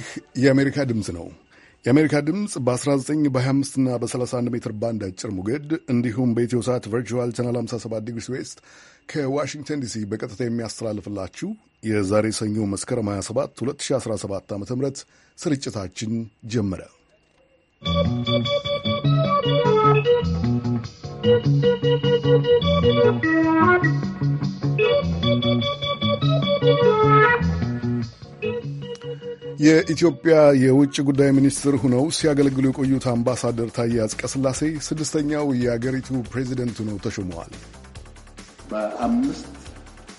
ይህ የአሜሪካ ድምፅ ነው። የአሜሪካ ድምፅ በ19 በ25 እና በ31 ሜትር ባንድ አጭር ሞገድ እንዲሁም በኢትዮ ሰዓት ቨርቹዋል ቻናል 57 ዲግሪ ዌስት ከዋሽንግተን ዲሲ በቀጥታ የሚያስተላልፍላችሁ የዛሬ ሰኞ መስከረም 27 2017 ዓ ም ስርጭታችን ጀመረ። ¶¶ የኢትዮጵያ የውጭ ጉዳይ ሚኒስትር ሆነው ሲያገለግሉ የቆዩት አምባሳደር ታዬ አጽቀሥላሴ ስድስተኛው የአገሪቱ ፕሬዚደንት ሆነው ተሾመዋል። በአምስት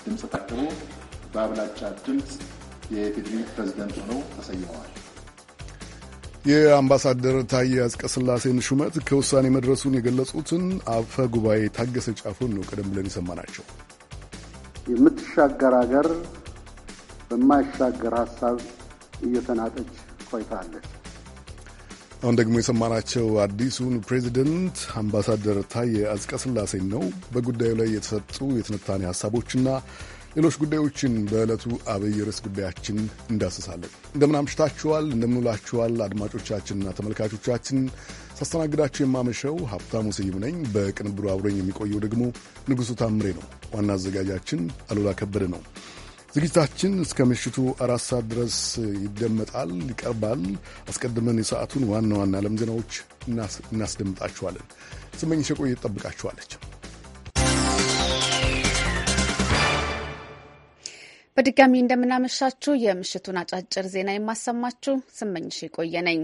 ድምፅ ታቅቦ በአብላጫ ድምፅ የኢፌዴሪ ፕሬዚደንት ሆነው ተሰይመዋል። የአምባሳደር ታዬ አጽቀሥላሴን ሹመት ከውሳኔ መድረሱን የገለጹትን አፈ ጉባኤ ታገሰ ጫፉን ነው ቀደም ብለን የሰማናቸው። የምትሻገር ሀገር በማይሻገር ሀሳብ እየተናጠች ቆይታለች። አሁን ደግሞ የሰማናቸው አዲሱን ፕሬዚደንት አምባሳደር ታዬ አጽቀሥላሴን ነው። በጉዳዩ ላይ የተሰጡ የትንታኔ ሀሳቦችና ሌሎች ጉዳዮችን በዕለቱ አብይ ርዕስ ጉዳያችን እንዳስሳለን። እንደምን አምሽታችኋል፣ እንደምንውላችኋል አድማጮቻችንና ተመልካቾቻችን ሳስተናግዳችሁ የማመሸው ሀብታሙ ስዩም ነኝ። በቅንብሩ አብረኝ የሚቆየው ደግሞ ንጉሡ ታምሬ ነው። ዋና አዘጋጃችን አሉላ ከበደ ነው። ዝግጅታችን እስከ ምሽቱ አራት ሰዓት ድረስ ይደመጣል፣ ይቀርባል። አስቀድመን የሰዓቱን ዋና ዋና ዓለም ዜናዎች እናስደምጣችኋለን። ስመኝ ሸቆ እየጠብቃችኋለች። በድጋሚ እንደምናመሻችሁ የምሽቱን አጫጭር ዜና የማሰማችሁ ስመኝሽ የቆየ ነኝ።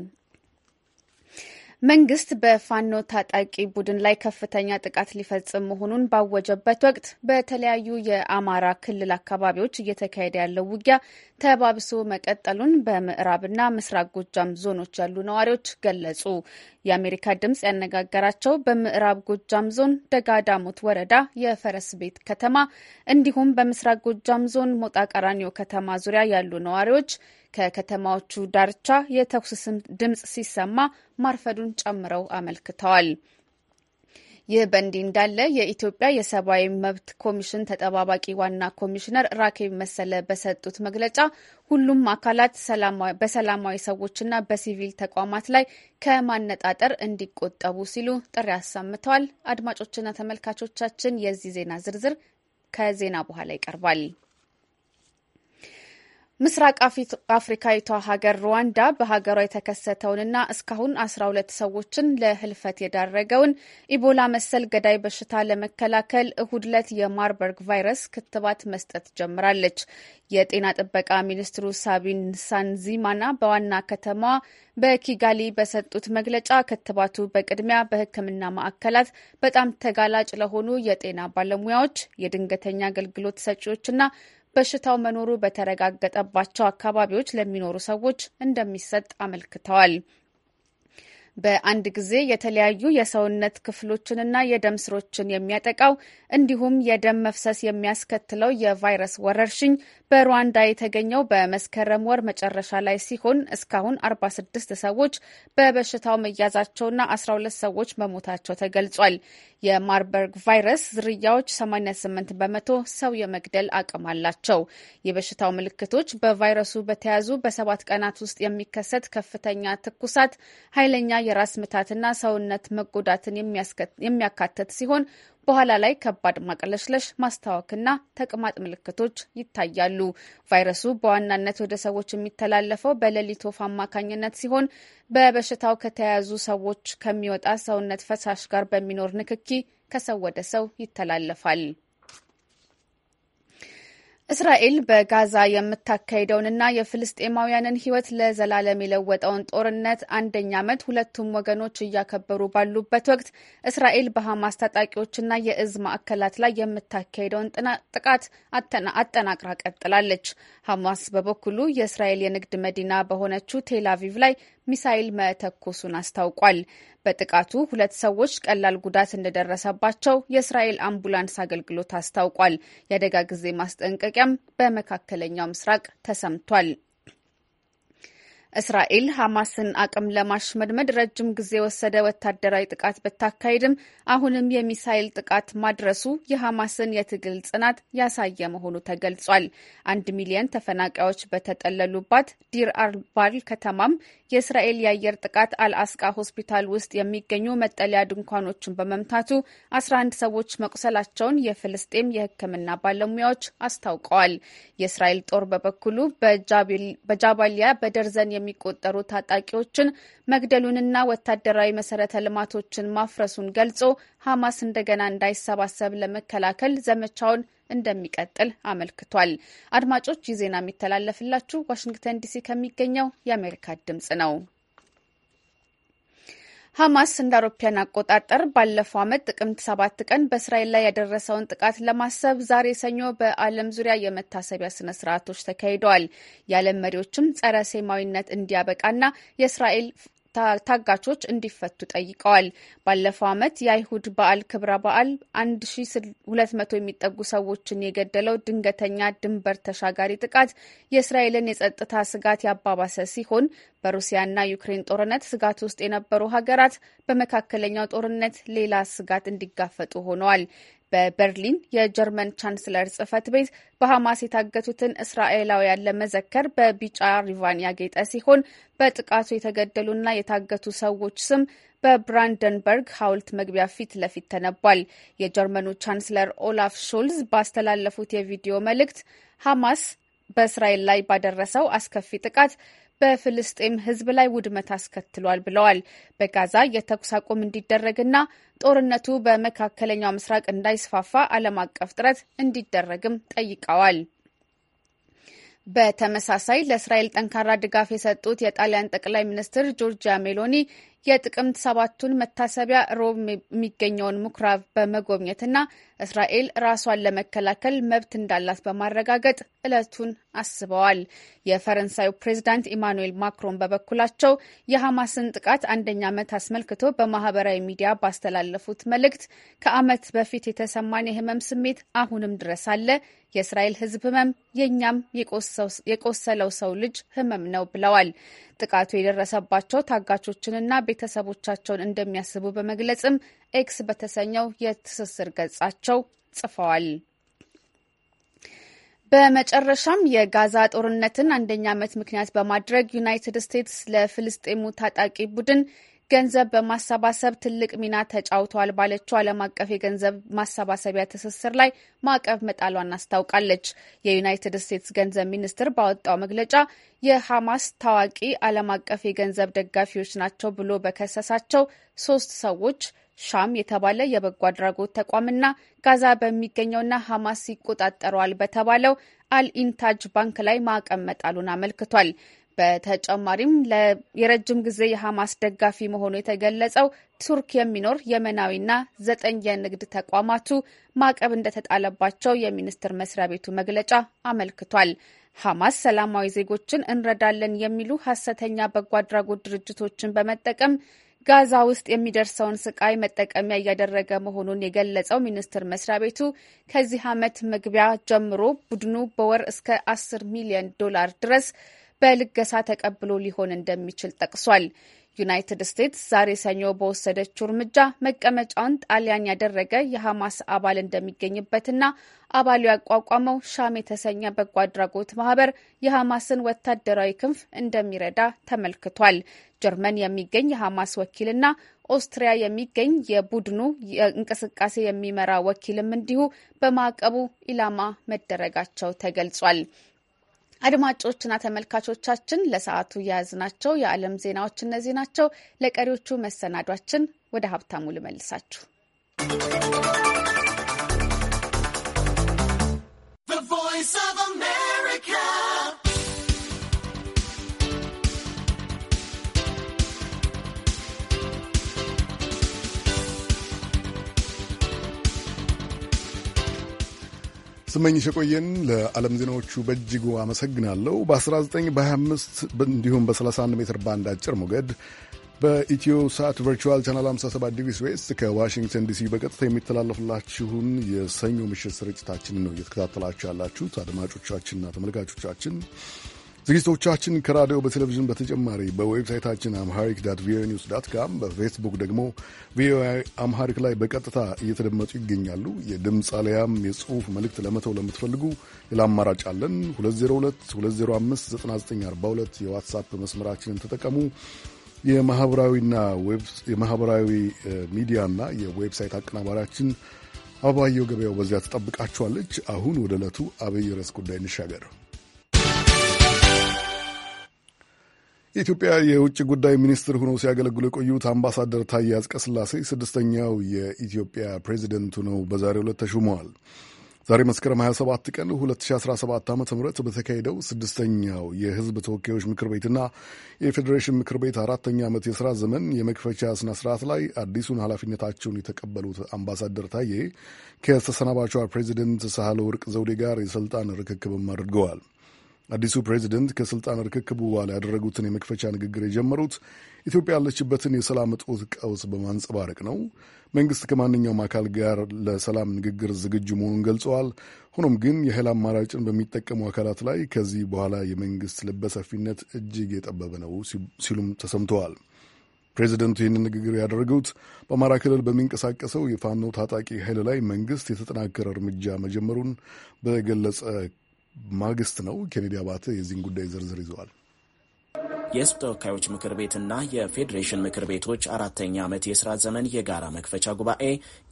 መንግስት በፋኖ ታጣቂ ቡድን ላይ ከፍተኛ ጥቃት ሊፈጽም መሆኑን ባወጀበት ወቅት በተለያዩ የአማራ ክልል አካባቢዎች እየተካሄደ ያለው ውጊያ ተባብሶ መቀጠሉን በምዕራብና ምስራቅ ጎጃም ዞኖች ያሉ ነዋሪዎች ገለጹ። የአሜሪካ ድምጽ ያነጋገራቸው በምዕራብ ጎጃም ዞን ደጋዳሞት ወረዳ የፈረስ ቤት ከተማ እንዲሁም በምስራቅ ጎጃም ዞን ሞጣ ቀራኒዮ ከተማ ዙሪያ ያሉ ነዋሪዎች ከከተማዎቹ ዳርቻ የተኩስ ድምፅ ሲሰማ ማርፈዱን ጨምረው አመልክተዋል። ይህ በእንዲህ እንዳለ የኢትዮጵያ የሰብአዊ መብት ኮሚሽን ተጠባባቂ ዋና ኮሚሽነር ራኬብ መሰለ በሰጡት መግለጫ ሁሉም አካላት በሰላማዊ ሰዎችና በሲቪል ተቋማት ላይ ከማነጣጠር እንዲቆጠቡ ሲሉ ጥሪ አሰምተዋል። አድማጮችና ተመልካቾቻችን የዚህ ዜና ዝርዝር ከዜና በኋላ ይቀርባል። ምስራቅ አፍሪካዊቷ ሀገር ሩዋንዳ በሀገሯ የተከሰተውንና እስካሁን 12 ሰዎችን ለህልፈት የዳረገውን ኢቦላ መሰል ገዳይ በሽታ ለመከላከል እሁድ ዕለት የማርበርግ ቫይረስ ክትባት መስጠት ጀምራለች። የጤና ጥበቃ ሚኒስትሩ ሳቢን ሳንዚማና በዋና ከተማዋ በኪጋሊ በሰጡት መግለጫ ክትባቱ በቅድሚያ በሕክምና ማዕከላት በጣም ተጋላጭ ለሆኑ የጤና ባለሙያዎች፣ የድንገተኛ አገልግሎት ሰጪዎችና በሽታው መኖሩ በተረጋገጠባቸው አካባቢዎች ለሚኖሩ ሰዎች እንደሚሰጥ አመልክተዋል። በአንድ ጊዜ የተለያዩ የሰውነት ክፍሎችንና የደም ስሮችን የሚያጠቃው እንዲሁም የደም መፍሰስ የሚያስከትለው የቫይረስ ወረርሽኝ በሩዋንዳ የተገኘው በመስከረም ወር መጨረሻ ላይ ሲሆን እስካሁን 46 ሰዎች በበሽታው መያዛቸውና 12 ሰዎች መሞታቸው ተገልጿል። የማርበርግ ቫይረስ ዝርያዎች 88 በመቶ ሰው የመግደል አቅም አላቸው። የበሽታው ምልክቶች በቫይረሱ በተያዙ በሰባት ቀናት ውስጥ የሚከሰት ከፍተኛ ትኩሳት፣ ኃይለኛ የራስ ምታትና ሰውነት መጎዳትን የሚያካተት ሲሆን በኋላ ላይ ከባድ ማቅለሽለሽ፣ ማስታወክና ተቅማጥ ምልክቶች ይታያሉ። ቫይረሱ በዋናነት ወደ ሰዎች የሚተላለፈው በሌሊት ወፍ አማካኝነት ሲሆን በበሽታው ከተያያዙ ሰዎች ከሚወጣ ሰውነት ፈሳሽ ጋር በሚኖር ንክኪ ከሰው ወደ ሰው ይተላለፋል። እስራኤል በጋዛ የምታካሄደውንና የፍልስጤማውያንን ሕይወት ለዘላለም የለወጠውን ጦርነት አንደኛ ዓመት ሁለቱም ወገኖች እያከበሩ ባሉበት ወቅት እስራኤል በሐማስ ታጣቂዎችና የእዝ ማዕከላት ላይ የምታካሄደውን ጥቃት አጠናቅራ ቀጥላለች። ሐማስ በበኩሉ የእስራኤል የንግድ መዲና በሆነችው ቴል አቪቭ ላይ ሚሳይል መተኮሱን አስታውቋል። በጥቃቱ ሁለት ሰዎች ቀላል ጉዳት እንደደረሰባቸው የእስራኤል አምቡላንስ አገልግሎት አስታውቋል። የአደጋ ጊዜ ማስጠንቀቂያም በመካከለኛው ምስራቅ ተሰምቷል። እስራኤል ሐማስን አቅም ለማሽመድመድ ረጅም ጊዜ የወሰደ ወታደራዊ ጥቃት ብታካሄድም አሁንም የሚሳይል ጥቃት ማድረሱ የሐማስን የትግል ጽናት ያሳየ መሆኑ ተገልጿል። አንድ ሚሊዮን ተፈናቃዮች በተጠለሉባት ዲር አርባል ከተማም የእስራኤል የአየር ጥቃት አልአስቃ ሆስፒታል ውስጥ የሚገኙ መጠለያ ድንኳኖችን በመምታቱ 11 ሰዎች መቁሰላቸውን የፍልስጤም የሕክምና ባለሙያዎች አስታውቀዋል። የእስራኤል ጦር በበኩሉ በጃባሊያ በደርዘን የሚቆጠሩ ታጣቂዎችን መግደሉንና ወታደራዊ መሰረተ ልማቶችን ማፍረሱን ገልጾ ሐማስ እንደገና እንዳይሰባሰብ ለመከላከል ዘመቻውን እንደሚቀጥል አመልክቷል። አድማጮች ይህ ዜና የሚተላለፍላችሁ ዋሽንግተን ዲሲ ከሚገኘው የአሜሪካ ድምጽ ነው። ሐማስ እንደ አውሮፓውያን አቆጣጠር ባለፈው ዓመት ጥቅምት ሰባት ቀን በእስራኤል ላይ ያደረሰውን ጥቃት ለማሰብ ዛሬ ሰኞ በዓለም ዙሪያ የመታሰቢያ ስነ ስርዓቶች ተካሂደዋል። የዓለም መሪዎችም ጸረ ሴማዊነት እንዲያበቃና የእስራኤል ታጋቾች እንዲፈቱ ጠይቀዋል። ባለፈው ዓመት የአይሁድ በዓል ክብረ በዓል 1200 የሚጠጉ ሰዎችን የገደለው ድንገተኛ ድንበር ተሻጋሪ ጥቃት የእስራኤልን የጸጥታ ስጋት ያባባሰ ሲሆን በሩሲያና ዩክሬን ጦርነት ስጋት ውስጥ የነበሩ ሀገራት በመካከለኛው ጦርነት ሌላ ስጋት እንዲጋፈጡ ሆነዋል። በበርሊን የጀርመን ቻንስለር ጽህፈት ቤት በሐማስ የታገቱትን እስራኤላውያን ለመዘከር በቢጫ ሪቫን ያጌጠ ሲሆን በጥቃቱ የተገደሉና የታገቱ ሰዎች ስም በብራንደንበርግ ሐውልት መግቢያ ፊት ለፊት ተነቧል። የጀርመኑ ቻንስለር ኦላፍ ሾልዝ ባስተላለፉት የቪዲዮ መልእክት ሐማስ በእስራኤል ላይ ባደረሰው አስከፊ ጥቃት በፍልስጤም ሕዝብ ላይ ውድመት አስከትሏል ብለዋል። በጋዛ የተኩስ አቁም እንዲደረግና ጦርነቱ በመካከለኛው ምስራቅ እንዳይስፋፋ ዓለም አቀፍ ጥረት እንዲደረግም ጠይቀዋል። በተመሳሳይ ለእስራኤል ጠንካራ ድጋፍ የሰጡት የጣሊያን ጠቅላይ ሚኒስትር ጆርጂያ ሜሎኒ የጥቅምት ሰባቱን መታሰቢያ ሮብ የሚገኘውን ምኩራብ በመጎብኘትና እስራኤል ራሷን ለመከላከል መብት እንዳላት በማረጋገጥ ዕለቱን አስበዋል። የፈረንሳዩ ፕሬዚዳንት ኢማኑኤል ማክሮን በበኩላቸው የሐማስን ጥቃት አንደኛ ዓመት አስመልክቶ በማህበራዊ ሚዲያ ባስተላለፉት መልእክት ከዓመት በፊት የተሰማን የህመም ስሜት አሁንም ድረስ አለ። የእስራኤል ህዝብ ህመም የእኛም የቆሰለው ሰው ልጅ ህመም ነው ብለዋል። ጥቃቱ የደረሰባቸው ታጋቾችንና ቤተሰቦቻቸውን እንደሚያስቡ በመግለጽም ኤክስ በተሰኘው የትስስር ገጻቸው ጽፈዋል። በመጨረሻም የጋዛ ጦርነትን አንደኛ ዓመት ምክንያት በማድረግ ዩናይትድ ስቴትስ ለፍልስጤሙ ታጣቂ ቡድን ገንዘብ በማሰባሰብ ትልቅ ሚና ተጫውተዋል ባለችው ዓለም አቀፍ የገንዘብ ማሰባሰቢያ ትስስር ላይ ማዕቀብ መጣሏን አስታውቃለች። የዩናይትድ ስቴትስ ገንዘብ ሚኒስትር ባወጣው መግለጫ የሐማስ ታዋቂ ዓለም አቀፍ የገንዘብ ደጋፊዎች ናቸው ብሎ በከሰሳቸው ሶስት ሰዎች ሻም የተባለ የበጎ አድራጎት ተቋምና ጋዛ በሚገኘውና ሐማስ ይቆጣጠረዋል በተባለው አልኢንታጅ ባንክ ላይ ማዕቀብ መጣሉን አመልክቷል። በተጨማሪም የረጅም ጊዜ የሐማስ ደጋፊ መሆኑ የተገለጸው ቱርክ የሚኖር የመናዊና ዘጠኝ የንግድ ተቋማቱ ማዕቀብ እንደተጣለባቸው የሚኒስቴር መስሪያ ቤቱ መግለጫ አመልክቷል። ሐማስ ሰላማዊ ዜጎችን እንረዳለን የሚሉ ሐሰተኛ በጎ አድራጎት ድርጅቶችን በመጠቀም ጋዛ ውስጥ የሚደርሰውን ስቃይ መጠቀሚያ እያደረገ መሆኑን የገለጸው ሚኒስቴር መስሪያ ቤቱ ከዚህ ዓመት መግቢያ ጀምሮ ቡድኑ በወር እስከ አስር ሚሊዮን ዶላር ድረስ በልገሳ ተቀብሎ ሊሆን እንደሚችል ጠቅሷል። ዩናይትድ ስቴትስ ዛሬ ሰኞ በወሰደችው እርምጃ መቀመጫውን ጣሊያን ያደረገ የሐማስ አባል እንደሚገኝበትና አባሉ ያቋቋመው ሻም የተሰኘ በጎ አድራጎት ማህበር የሐማስን ወታደራዊ ክንፍ እንደሚረዳ ተመልክቷል። ጀርመን የሚገኝ የሐማስ ወኪልና ኦስትሪያ የሚገኝ የቡድኑ እንቅስቃሴ የሚመራ ወኪልም እንዲሁ በማዕቀቡ ኢላማ መደረጋቸው ተገልጿል። አድማጮችና ተመልካቾቻችን ለሰዓቱ የያዝናቸው የዓለም ዜናዎች እነዚህ ናቸው። ለቀሪዎቹ መሰናዷችን ወደ ሀብታሙ ልመልሳችሁ። ስመኝሽ የቆየን ለዓለም ዜናዎቹ በእጅጉ አመሰግናለሁ። በ19 በ25 እንዲሁም በ31 ሜትር ባንድ አጭር ሞገድ በኢትዮ ሳት ቨርቹዋል ቻናል 57 ዲግሪ ዌስት ከዋሽንግተን ዲሲ በቀጥታ የሚተላለፍላችሁን የሰኞ ምሽት ስርጭታችንን ነው እየተከታተላችሁ ያላችሁት አድማጮቻችንና ተመልካቾቻችን። ዝግጅቶቻችን ከራዲዮ በቴሌቪዥን በተጨማሪ በዌብሳይታችን አምሃሪክ ዳት ቪኦኤ ኒውስ ዳት ካም፣ በፌስቡክ ደግሞ ቪኦኤ አምሃሪክ ላይ በቀጥታ እየተደመጡ ይገኛሉ። የድምፅ አሊያም የጽሁፍ መልእክት ለመተው ለምትፈልጉ ሌላ አማራጭ አለን። 2022059942 የዋትሳፕ መስመራችንን ተጠቀሙ። የማህበራዊና የማህበራዊ ሚዲያና የዌብሳይት አቀናባሪያችን አበባየው ገበያው በዚያ ትጠብቃችኋለች። አሁን ወደ ዕለቱ አብይ ርዕስ ጉዳይ እንሻገር። የኢትዮጵያ የውጭ ጉዳይ ሚኒስትር ሆነው ሲያገለግሉ የቆዩት አምባሳደር ታዬ አጽቀሥላሴ ስድስተኛው የኢትዮጵያ ፕሬዚደንት ሆነው በዛሬው ዕለት ተሹመዋል። ዛሬ መስከረም 27 ቀን 2017 ዓ ም በተካሄደው ስድስተኛው የህዝብ ተወካዮች ምክር ቤትና የፌዴሬሽን ምክር ቤት አራተኛ ዓመት የሥራ ዘመን የመክፈቻ ሥነ ሥርዓት ላይ አዲሱን ኃላፊነታቸውን የተቀበሉት አምባሳደር ታዬ ከተሰናባቿ ፕሬዚደንት ወርቅ ዘውዴ ጋር የሥልጣን ርክክብም አድርገዋል። አዲሱ ፕሬዚደንት ከስልጣን ርክክቡ በኋላ ያደረጉትን የመክፈቻ ንግግር የጀመሩት ኢትዮጵያ ያለችበትን የሰላም እጦት ቀውስ በማንጸባረቅ ነው። መንግስት ከማንኛውም አካል ጋር ለሰላም ንግግር ዝግጁ መሆኑን ገልጸዋል። ሆኖም ግን የኃይል አማራጭን በሚጠቀሙ አካላት ላይ ከዚህ በኋላ የመንግስት ልበሰፊነት እጅግ የጠበበ ነው ሲሉም ተሰምተዋል። ፕሬዚደንቱ ይህንን ንግግር ያደረጉት በአማራ ክልል በሚንቀሳቀሰው የፋኖ ታጣቂ ኃይል ላይ መንግስት የተጠናከረ እርምጃ መጀመሩን በገለጸ ማግስት ነው። ኬኔዲ አባተ የዚህን ጉዳይ ዝርዝር ይዘዋል። የህዝብ ተወካዮች ምክር ቤትና የፌዴሬሽን ምክር ቤቶች አራተኛ ዓመት የስራ ዘመን የጋራ መክፈቻ ጉባኤ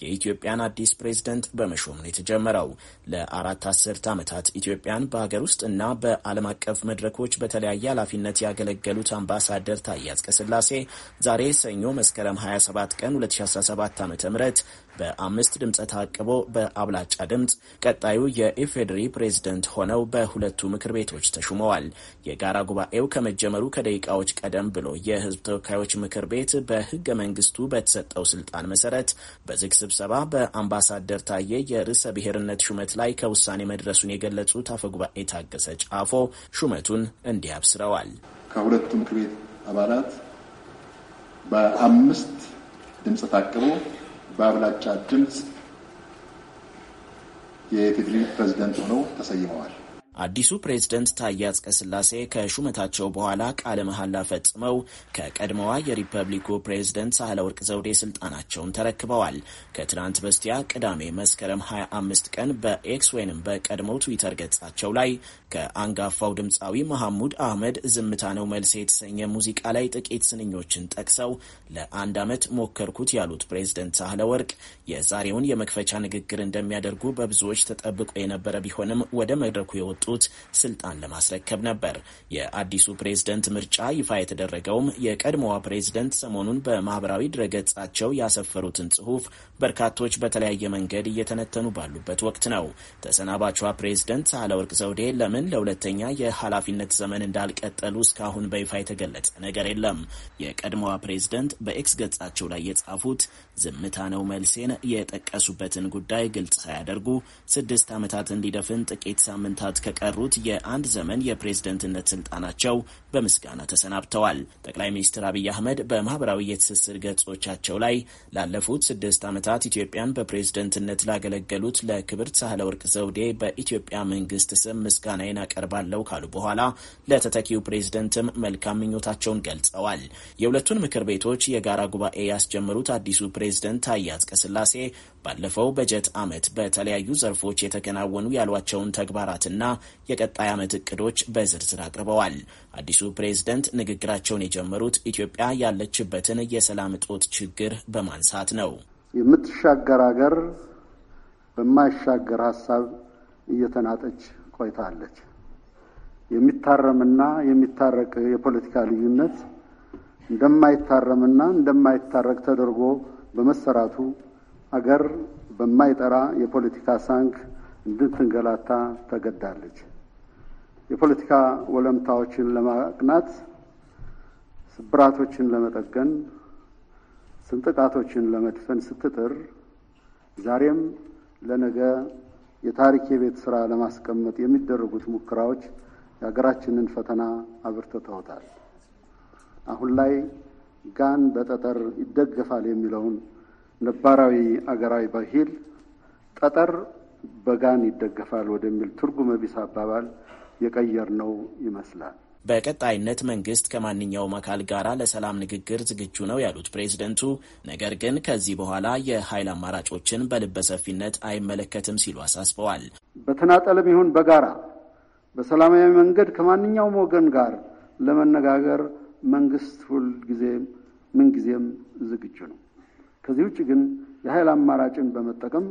የኢትዮጵያን አዲስ ፕሬዝደንት በመሾም ነው የተጀመረው። ለአራት አስርት ዓመታት ኢትዮጵያን በሀገር ውስጥና በዓለም አቀፍ መድረኮች በተለያየ ኃላፊነት ያገለገሉት አምባሳደር ታዬ አጽቀሥላሴ ዛሬ ሰኞ መስከረም 27 ቀን 2017 ዓ ም በአምስት ድምፀ ተአቅቦ በአብላጫ ድምፅ ቀጣዩ የኢፌዴሪ ፕሬዝደንት ሆነው በሁለቱ ምክር ቤቶች ተሹመዋል። የጋራ ጉባኤው ከመጀመሩ ከደቂቃዎች ቀደም ብሎ የህዝብ ተወካዮች ምክር ቤት በህገ መንግስቱ በተሰጠው ስልጣን መሰረት በዝግ ስብሰባ በአምባሳደር ታዬ የርዕሰ ብሔርነት ሹመት ላይ ከውሳኔ መድረሱን የገለጹት አፈጉባኤ ታገሰ ጫፎ ሹመቱን እንዲህ አብስረዋል። ከሁለቱ ምክር ቤት አባላት በአምስት ድምፅ ታቅቦ በአብላጫ ድምፅ የኢፌዴሪ ፕሬዚደንት ሆነው ተሰይመዋል። አዲሱ ፕሬዝደንት ታዬ አጽቀሥላሴ ከሹመታቸው በኋላ ቃለ መሐላ ፈጽመው ከቀድሞዋ የሪፐብሊኩ ፕሬዝደንት ሳህለ ወርቅ ዘውዴ ስልጣናቸውን ተረክበዋል። ከትናንት በስቲያ ቅዳሜ መስከረም 25 ቀን በኤክስ ወይንም በቀድሞው ትዊተር ገጻቸው ላይ ከአንጋፋው ድምፃዊ መሐሙድ አህመድ ዝምታ ነው መልሴ የተሰኘ ሙዚቃ ላይ ጥቂት ስንኞችን ጠቅሰው ለአንድ ዓመት ሞከርኩት ያሉት ፕሬዝደንት ሳህለ ወርቅ የዛሬውን የመክፈቻ ንግግር እንደሚያደርጉ በብዙዎች ተጠብቆ የነበረ ቢሆንም ወደ መድረኩ የወጡ የመጡት ስልጣን ለማስረከብ ነበር። የአዲሱ ፕሬዝደንት ምርጫ ይፋ የተደረገውም የቀድሞዋ ፕሬዝደንት ሰሞኑን በማህበራዊ ድረገጻቸው ያሰፈሩትን ጽሁፍ። በርካቶች በተለያየ መንገድ እየተነተኑ ባሉበት ወቅት ነው። ተሰናባቿ ፕሬዝደንት ሳህለወርቅ ዘውዴ ለምን ለሁለተኛ የኃላፊነት ዘመን እንዳልቀጠሉ እስካሁን በይፋ የተገለጸ ነገር የለም። የቀድሞዋ ፕሬዝደንት በኤክስ ገጻቸው ላይ የጻፉት ዝምታ ነው መልሴን የጠቀሱበትን ጉዳይ ግልጽ ሳያደርጉ ስድስት ዓመታት እንዲደፍን ጥቂት ሳምንታት ከቀሩት የአንድ ዘመን የፕሬዝደንትነት ስልጣናቸው በምስጋና ተሰናብተዋል። ጠቅላይ ሚኒስትር አብይ አህመድ በማህበራዊ የትስስር ገጾቻቸው ላይ ላለፉት ስድስት ዓመት? ዓመታት ኢትዮጵያን በፕሬዝደንትነት ላገለገሉት ለክብርት ሳህለ ወርቅ ዘውዴ በኢትዮጵያ መንግስት ስም ምስጋናዬን አቀርባለሁ ካሉ በኋላ ለተተኪው ፕሬዝደንትም መልካም ምኞታቸውን ገልጸዋል። የሁለቱን ምክር ቤቶች የጋራ ጉባኤ ያስጀመሩት አዲሱ ፕሬዝደንት ታዬ አጽቀሥላሴ ባለፈው በጀት ዓመት በተለያዩ ዘርፎች የተከናወኑ ያሏቸውን ተግባራትና የቀጣይ ዓመት እቅዶች በዝርዝር አቅርበዋል። አዲሱ ፕሬዝደንት ንግግራቸውን የጀመሩት ኢትዮጵያ ያለችበትን የሰላም እጦት ችግር በማንሳት ነው። የምትሻገር አገር በማይሻገር ሀሳብ እየተናጠች ቆይታለች። የሚታረምና የሚታረቅ የፖለቲካ ልዩነት እንደማይታረምና እንደማይታረቅ ተደርጎ በመሰራቱ አገር በማይጠራ የፖለቲካ ሳንክ እንድትንገላታ ተገዳለች። የፖለቲካ ወለምታዎችን ለማቅናት ስብራቶችን ለመጠገን ስንጥቃቶችን ለመድፈን ስትጥር ዛሬም ለነገ የታሪክ የቤት ስራ ለማስቀመጥ የሚደረጉት ሙከራዎች የሀገራችንን ፈተና አብርትተውታል። አሁን ላይ ጋን በጠጠር ይደገፋል የሚለውን ነባራዊ አገራዊ ባህል ጠጠር በጋን ይደገፋል ወደሚል ትርጉመ ቢስ አባባል የቀየር ነው ይመስላል። በቀጣይነት መንግስት ከማንኛውም አካል ጋር ለሰላም ንግግር ዝግጁ ነው ያሉት ፕሬዚደንቱ ነገር ግን ከዚህ በኋላ የኃይል አማራጮችን በልበሰፊነት አይመለከትም ሲሉ አሳስበዋል። በተናጠልም ይሁን በጋራ በሰላማዊ መንገድ ከማንኛውም ወገን ጋር ለመነጋገር መንግስት ሁልጊዜም ምንጊዜም ዝግጁ ነው። ከዚህ ውጭ ግን የኃይል አማራጭን በመጠቀም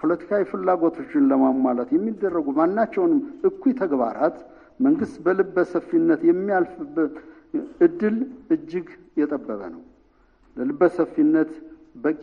ፖለቲካዊ ፍላጎቶችን ለማሟላት የሚደረጉ ማናቸውንም እኩይ ተግባራት መንግስት በልበ ሰፊነት የሚያልፍበት እድል እጅግ የጠበበ ነው። ለልበ ሰፊነት በቂ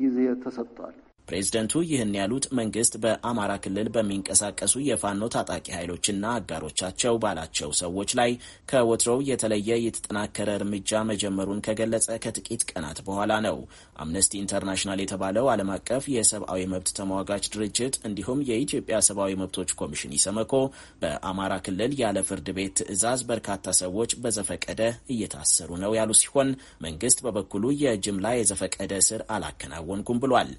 ጊዜ ተሰጥቷል። ፕሬዝደንቱ ይህን ያሉት መንግስት በአማራ ክልል በሚንቀሳቀሱ የፋኖ ታጣቂ ኃይሎችና አጋሮቻቸው ባላቸው ሰዎች ላይ ከወትሮው የተለየ የተጠናከረ እርምጃ መጀመሩን ከገለጸ ከጥቂት ቀናት በኋላ ነው። አምነስቲ ኢንተርናሽናል የተባለው ዓለም አቀፍ የሰብአዊ መብት ተሟጋች ድርጅት እንዲሁም የኢትዮጵያ ሰብአዊ መብቶች ኮሚሽን ኢሰመኮ በአማራ ክልል ያለ ፍርድ ቤት ትዕዛዝ በርካታ ሰዎች በዘፈቀደ እየታሰሩ ነው ያሉ ሲሆን መንግስት በበኩሉ የጅምላ የዘፈቀደ ስር አላከናወንኩም ብሏል።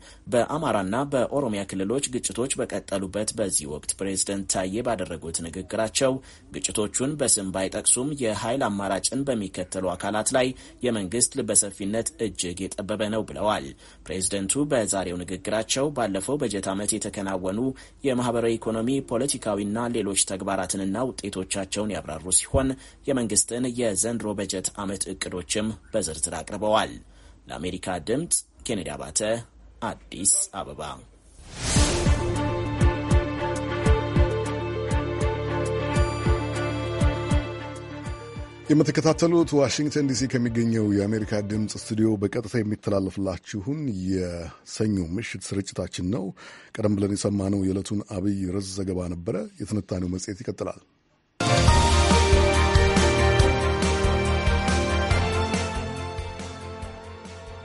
በአማራና በኦሮሚያ ክልሎች ግጭቶች በቀጠሉበት በዚህ ወቅት ፕሬዝደንት ታዬ ባደረጉት ንግግራቸው ግጭቶቹን በስም ባይጠቅሱም የኃይል አማራጭን በሚከተሉ አካላት ላይ የመንግስት ልበሰፊነት እጅግ የጠበበ ነው ብለዋል። ፕሬዝደንቱ በዛሬው ንግግራቸው ባለፈው በጀት ዓመት የተከናወኑ የማህበራዊ ኢኮኖሚ፣ ፖለቲካዊና ሌሎች ተግባራትንና ውጤቶቻቸውን ያብራሩ ሲሆን የመንግስትን የዘንድሮ በጀት ዓመት እቅዶችም በዝርዝር አቅርበዋል። ለአሜሪካ ድምፅ ኬኔዲ አባተ አዲስ አበባ። የምትከታተሉት ዋሽንግተን ዲሲ ከሚገኘው የአሜሪካ ድምፅ ስቱዲዮ በቀጥታ የሚተላለፍላችሁን የሰኞ ምሽት ስርጭታችን ነው። ቀደም ብለን የሰማነው የዕለቱን አብይ ርዕስ ዘገባ ነበረ። የትንታኔው መጽሔት ይቀጥላል።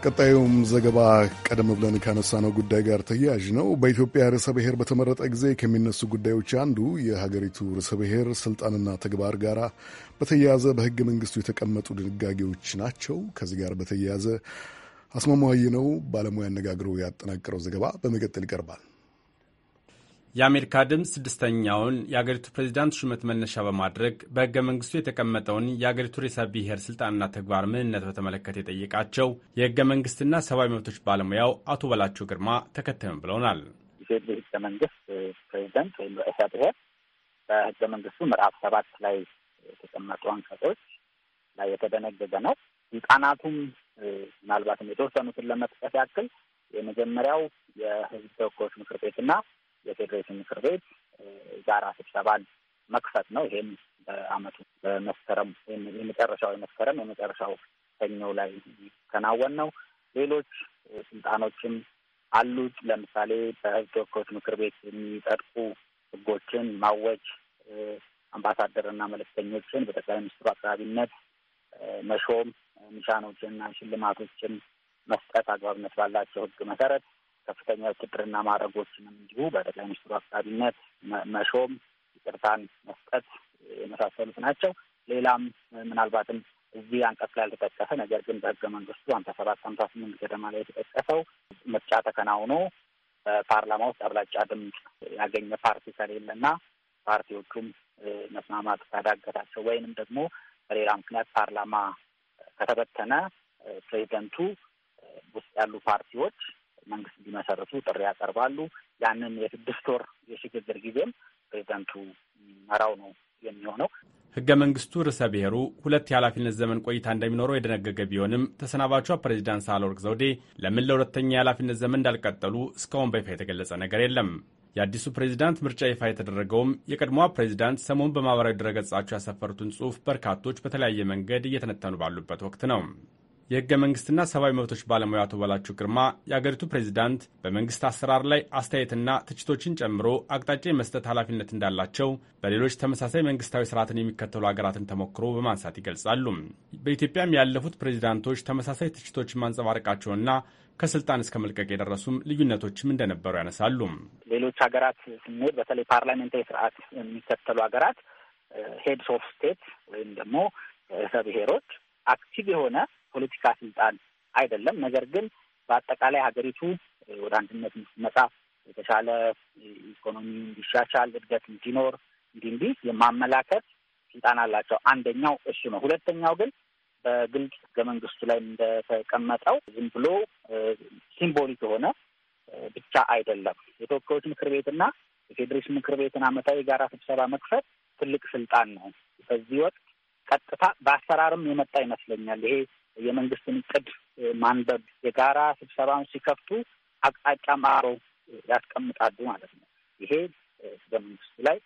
ቀጣዩም ዘገባ ቀደም ብለን ካነሳነው ጉዳይ ጋር ተያያዥ ነው። በኢትዮጵያ ርዕሰ ብሔር በተመረጠ ጊዜ ከሚነሱ ጉዳዮች አንዱ የሀገሪቱ ርዕሰ ብሔር ስልጣንና ተግባር ጋር በተያያዘ በህገ መንግስቱ የተቀመጡ ድንጋጌዎች ናቸው። ከዚህ ጋር በተያያዘ አስማማው ነው ባለሙያ አነጋግሮ ያጠናቀረው ዘገባ በመቀጠል ይቀርባል። የአሜሪካ ድምፅ ስድስተኛውን የአገሪቱ ፕሬዚዳንት ሹመት መነሻ በማድረግ በሕገ መንግስቱ የተቀመጠውን የአገሪቱ ርዕሰ ብሔር ስልጣንና ተግባር ምንነት በተመለከተ የጠየቃቸው የሕገ መንግስትና ሰብአዊ መብቶች ባለሙያው አቶ በላቸው ግርማ ተከታዩን ብለውናል። ኢፌዴሪ ሕገ መንግስት ፕሬዚደንት ወይም ርዕሰ ብሔር በሕገ መንግስቱ ምዕራፍ ሰባት ላይ የተቀመጡ አንቀጾች ላይ የተደነገገ ነው። ስልጣናቱም ምናልባትም የተወሰኑትን ለመጥቀስ ያክል የመጀመሪያው የህዝብ ተወካዮች ምክር ቤትና የፌዴሬሽን ምክር ቤት ጋራ ስብሰባን መክፈት ነው። ይሄም በአመቱ በመስከረም የመጨረሻው የመስከረም የመጨረሻው ሰኞ ላይ የሚከናወን ነው። ሌሎች ስልጣኖችም አሉት። ለምሳሌ በህዝብ ተወካዮች ምክር ቤት የሚጸድቁ ህጎችን ማወጅ፣ አምባሳደርና መልእክተኞችን በጠቅላይ ሚኒስትሩ አቅራቢነት መሾም፣ ኒሻኖችንና ሽልማቶችን መስጠት አግባብነት ባላቸው ህግ መሰረት ከፍተኛ ውትድርና ማዕረጎችንም እንዲሁ በጠቅላይ ሚኒስትሩ አፍቃሪነት መሾም፣ ይቅርታን መስጠት የመሳሰሉት ናቸው። ሌላም ምናልባትም እዚህ አንቀጽ ላይ ያልተጠቀሰ ነገር ግን በህገ መንግስቱ ሀምሳ ሰባት ሀምሳ ስምንት ገደማ ላይ የተጠቀሰው ምርጫ ተከናውኖ በፓርላማ ውስጥ አብላጫ ድምፅ ያገኘ ፓርቲ ከሌለና ፓርቲዎቹም መስማማት ካዳገታቸው ወይንም ደግሞ በሌላ ምክንያት ፓርላማ ከተበተነ ፕሬዚደንቱ ውስጥ ያሉ ፓርቲዎች መንግስት እንዲመሰርቱ ጥሪ ያቀርባሉ። ያንን የስድስት ወር የሽግግር ጊዜም ፕሬዚዳንቱ መራው ነው የሚሆነው። ህገ መንግስቱ ርዕሰ ብሔሩ ሁለት የኃላፊነት ዘመን ቆይታ እንደሚኖረው የደነገገ ቢሆንም ተሰናባቿ ፕሬዚዳንት ሳህለወርቅ ዘውዴ ለምን ለሁለተኛ የኃላፊነት ዘመን እንዳልቀጠሉ እስካሁን በይፋ የተገለጸ ነገር የለም። የአዲሱ ፕሬዚዳንት ምርጫ ይፋ የተደረገውም የቀድሞዋ ፕሬዚዳንት ሰሞኑን በማህበራዊ ድረገጻቸው ያሰፈሩትን ጽሑፍ በርካቶች በተለያየ መንገድ እየተነተኑ ባሉበት ወቅት ነው። የህገ መንግስትና ሰብአዊ መብቶች ባለሙያ አቶ በላቸው ግርማ የአገሪቱ ፕሬዚዳንት በመንግስት አሰራር ላይ አስተያየትና ትችቶችን ጨምሮ አቅጣጫ የመስጠት ኃላፊነት እንዳላቸው በሌሎች ተመሳሳይ መንግስታዊ ስርዓትን የሚከተሉ ሀገራትን ተሞክሮ በማንሳት ይገልጻሉ። በኢትዮጵያም ያለፉት ፕሬዚዳንቶች ተመሳሳይ ትችቶችን ማንጸባረቃቸውና ከስልጣን እስከ መልቀቅ የደረሱም ልዩነቶችም እንደነበሩ ያነሳሉ። ሌሎች ሀገራት ስንሄድ በተለይ ፓርላሜንታዊ ስርዓት የሚከተሉ ሀገራት ሄድስ ኦፍ ስቴት ወይም ደግሞ ርዕሰ ብሔሮች አክቲቭ የሆነ የፖለቲካ ስልጣን አይደለም። ነገር ግን በአጠቃላይ ሀገሪቱ ወደ አንድነት እንድትመጣ የተሻለ ኢኮኖሚ እንዲሻሻል፣ እድገት እንዲኖር እንዲህ እንዲህ የማመላከት ስልጣን አላቸው። አንደኛው እሱ ነው። ሁለተኛው ግን በግልጽ ህገ መንግስቱ ላይ እንደተቀመጠው ዝም ብሎ ሲምቦሊክ የሆነ ብቻ አይደለም። የተወካዮች ምክር ቤትና የፌዴሬሽን ምክር ቤትን አመታዊ የጋራ ስብሰባ መክፈት ትልቅ ስልጣን ነው። በዚህ ወቅት ቀጥታ በአሰራርም የመጣ ይመስለኛል ይሄ የመንግስትን እቅድ ማንበብ፣ የጋራ ስብሰባውን ሲከፍቱ አቅጣጫ አብረው ያስቀምጣሉ ማለት ነው። ይሄ ህገ መንግስቱ ላይ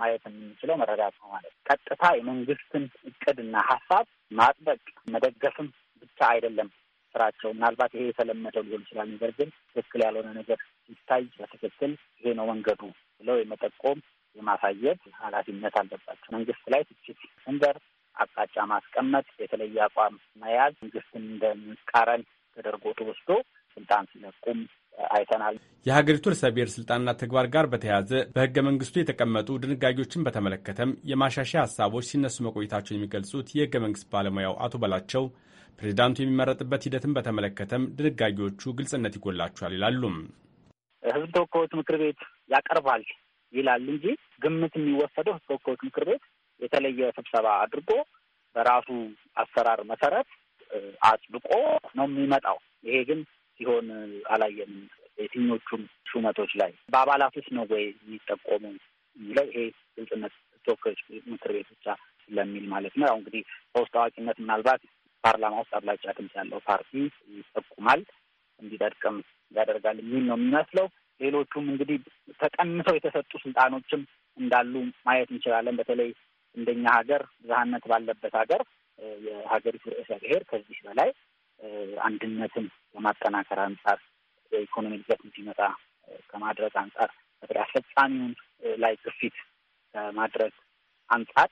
ማየት የምንችለው መረዳት ነው ማለት ነው። ቀጥታ የመንግስትን እቅድና ሀሳብ ማጥበቅ መደገፍም ብቻ አይደለም ስራቸው። ምናልባት ይሄ የተለመደው ሊሆን ይችላል። ነገር ግን ትክክል ያልሆነ ነገር ሲታይ በትክክል ይሄ ነው መንገዱ ብለው የመጠቆም የማሳየት ኃላፊነት አለባቸው። መንግስት ላይ ትችት ስንደርስ አቅጣጫ ማስቀመጥ፣ የተለየ አቋም መያዝ መንግስትን እንደሚቃረን ተደርጎ ተወስዶ ስልጣን ሲለቁም አይተናል። የሀገሪቱ ርዕሰ ብሔር ስልጣንና ተግባር ጋር በተያያዘ በህገ መንግስቱ የተቀመጡ ድንጋጌዎችን በተመለከተም የማሻሻያ ሀሳቦች ሲነሱ መቆየታቸውን የሚገልጹት የህገ መንግስት ባለሙያው አቶ በላቸው ፕሬዚዳንቱ የሚመረጥበት ሂደትን በተመለከተም ድንጋጌዎቹ ግልጽነት ይጎላቸዋል ይላሉም። ህዝብ ተወካዮች ምክር ቤት ያቀርባል ይላል እንጂ ግምት የሚወሰደው ህዝብ ተወካዮች ምክር ቤት የተለየ ስብሰባ አድርጎ በራሱ አሰራር መሰረት አጽድቆ ነው የሚመጣው። ይሄ ግን ሲሆን አላየንም። የትኞቹም ሹመቶች ላይ በአባላት ውስጥ ነው ወይ የሚጠቆሙ የሚለው ይሄ ግልጽነት ተወካዮች ምክር ቤት ብቻ ስለሚል ማለት ነው። ያው እንግዲህ በውስጥ አዋቂነት ምናልባት ፓርላማ ውስጥ አብላጫ ድምፅ ያለው ፓርቲ ይጠቁማል፣ እንዲጠቅም ያደርጋል የሚል ነው የሚመስለው። ሌሎቹም እንግዲህ ተቀንሰው የተሰጡ ስልጣኖችም እንዳሉ ማየት እንችላለን። በተለይ እንደኛ ሀገር ብዝሃነት ባለበት ሀገር የሀገሪቱ ርዕሰ ብሔር ከዚህ በላይ አንድነትን ለማጠናከር አንጻር የኢኮኖሚ እድገት እንዲመጣ ከማድረግ አንጻር በተለይ አስፈጻሚውን ላይ ግፊት ከማድረግ አንጻር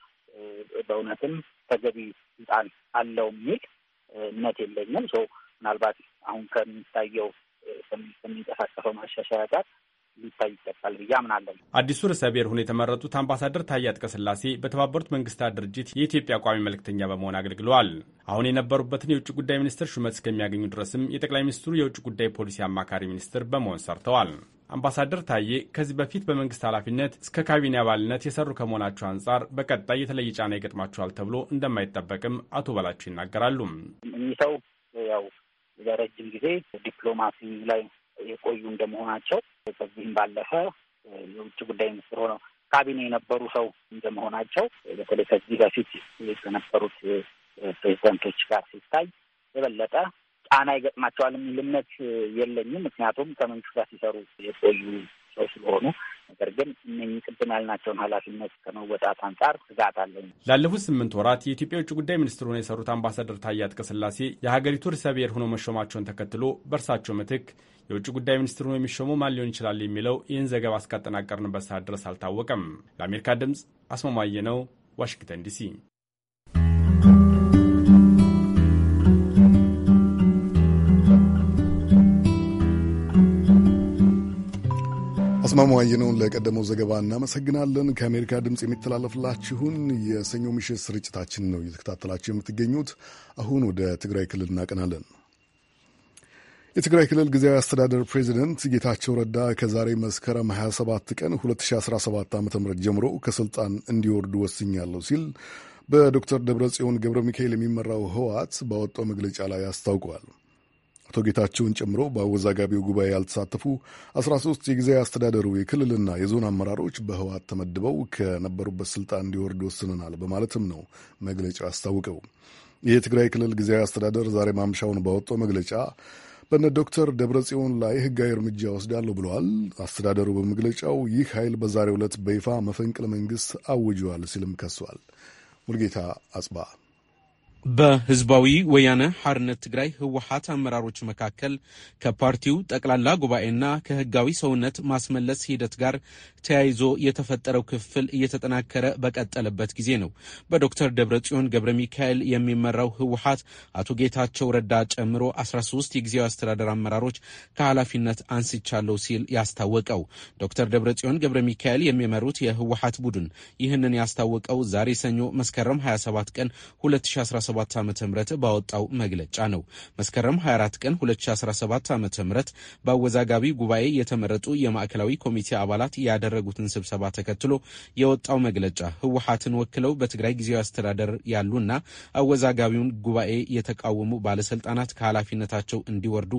በእውነትም ተገቢ ስልጣን አለው የሚል እምነት የለኝም። ምናልባት አሁን ከሚታየው ከሚንቀሳቀሰው ማሻሻያ ጋር ሊታይ ይገባል ብዬ አምናለሁ። አዲሱ ርዕሰ ብሔር ሆነው የተመረጡት አምባሳደር ታዬ አጽቀሥላሴ በተባበሩት መንግስታት ድርጅት የኢትዮጵያ ቋሚ መልእክተኛ በመሆን አገልግለዋል። አሁን የነበሩበትን የውጭ ጉዳይ ሚኒስትር ሹመት እስከሚያገኙ ድረስም የጠቅላይ ሚኒስትሩ የውጭ ጉዳይ ፖሊሲ አማካሪ ሚኒስትር በመሆን ሰርተዋል። አምባሳደር ታዬ ከዚህ በፊት በመንግስት ኃላፊነት እስከ ካቢኔ አባልነት የሰሩ ከመሆናቸው አንጻር በቀጣይ የተለየ ጫና ይገጥማቸዋል ተብሎ እንደማይጠበቅም አቶ በላቸው ይናገራሉ። እኚህ ሰው ያው ለረጅም ጊዜ ዲፕሎማሲ ላይ የቆዩ እንደመሆናቸው ከዚህም ባለፈ የውጭ ጉዳይ ሚኒስትር ሆነው ካቢኔ የነበሩ ሰው እንደመሆናቸው በተለይ ከዚህ በፊት ከነበሩት ፕሬዚደንቶች ጋር ሲታይ የበለጠ ጫና ይገጥማቸዋል የሚል እምነት የለኝም። ምክንያቱም ከመንግስት ጋር ሲሰሩ የቆዩ ሰው ስለሆኑ ነበር። ግን እነኝህ ቅድም ያልናቸውን ኃላፊነት ከመወጣት አንጻር ስጋት አለኝ። ላለፉት ስምንት ወራት የኢትዮጵያ የውጭ ጉዳይ ሚኒስትር ሆነው የሰሩት አምባሳደር ታዬ አጽቀሥላሴ የሀገሪቱ ርዕሰ ብሔር ሆነው መሾማቸውን ተከትሎ በእርሳቸው ምትክ የውጭ ጉዳይ ሚኒስትር ሆኖ የሚሾሙ ማን ሊሆን ይችላል የሚለው ይህን ዘገባ እስካጠናቀርንበት ሰዓት ድረስ አልታወቀም። ለአሜሪካ ድምፅ አስማማየ ነው፣ ዋሽንግተን ዲሲ አስማማው አየነውን ለቀደመው ዘገባ እናመሰግናለን። ከአሜሪካ ድምፅ የሚተላለፍላችሁን የሰኞ ምሽት ስርጭታችን ነው እየተከታተላችሁ የምትገኙት። አሁን ወደ ትግራይ ክልል እናቀናለን። የትግራይ ክልል ጊዜያዊ አስተዳደር ፕሬዚደንት ጌታቸው ረዳ ከዛሬ መስከረም 27 ቀን 2017 ዓ ም ጀምሮ ከስልጣን እንዲወርዱ ወስኛለሁ ሲል በዶክተር ደብረ ገብረ ሚካኤል የሚመራው ህወሓት ባወጣው መግለጫ ላይ አስታውቀዋል። አቶ ጌታቸውን ጨምሮ በአወዛጋቢው ጉባኤ ያልተሳተፉ 13 የጊዜያዊ አስተዳደሩ የክልልና የዞን አመራሮች በህወሓት ተመድበው ከነበሩበት ስልጣን እንዲወርድ ወስንናል በማለትም ነው መግለጫው ያስታውቀው። የትግራይ ክልል ጊዜያዊ አስተዳደር ዛሬ ማምሻውን ባወጣው መግለጫ በነ ዶክተር ደብረጽዮን ላይ ህጋዊ እርምጃ ወስዳለሁ ብለዋል። አስተዳደሩ በመግለጫው ይህ ኃይል በዛሬው ዕለት በይፋ መፈንቅለ መንግስት አውጀዋል ሲልም ከሷል። ሙልጌታ አጽባ በህዝባዊ ወያነ ሐርነት ትግራይ ህወሀት አመራሮች መካከል ከፓርቲው ጠቅላላ ጉባኤና ከህጋዊ ሰውነት ማስመለስ ሂደት ጋር ተያይዞ የተፈጠረው ክፍል እየተጠናከረ በቀጠለበት ጊዜ ነው በዶክተር ደብረጽዮን ገብረ ሚካኤል የሚመራው ህወሀት አቶ ጌታቸው ረዳ ጨምሮ 13 የጊዜያዊ አስተዳደር አመራሮች ከኃላፊነት አንስቻለሁ ሲል ያስታወቀው። ዶክተር ደብረጽዮን ገብረ ሚካኤል የሚመሩት የህወሀት ቡድን ይህንን ያስታወቀው ዛሬ ሰኞ መስከረም 27 ቀን 2017 2017 ዓ ም ባወጣው መግለጫ ነው። መስከረም 24 ቀን 2017 ዓ ም በአወዛጋቢ ጉባኤ የተመረጡ የማዕከላዊ ኮሚቴ አባላት ያደረጉትን ስብሰባ ተከትሎ የወጣው መግለጫ ህወሓትን ወክለው በትግራይ ጊዜያዊ አስተዳደር ያሉና አወዛጋቢውን ጉባኤ የተቃወሙ ባለስልጣናት ከኃላፊነታቸው እንዲወርዱ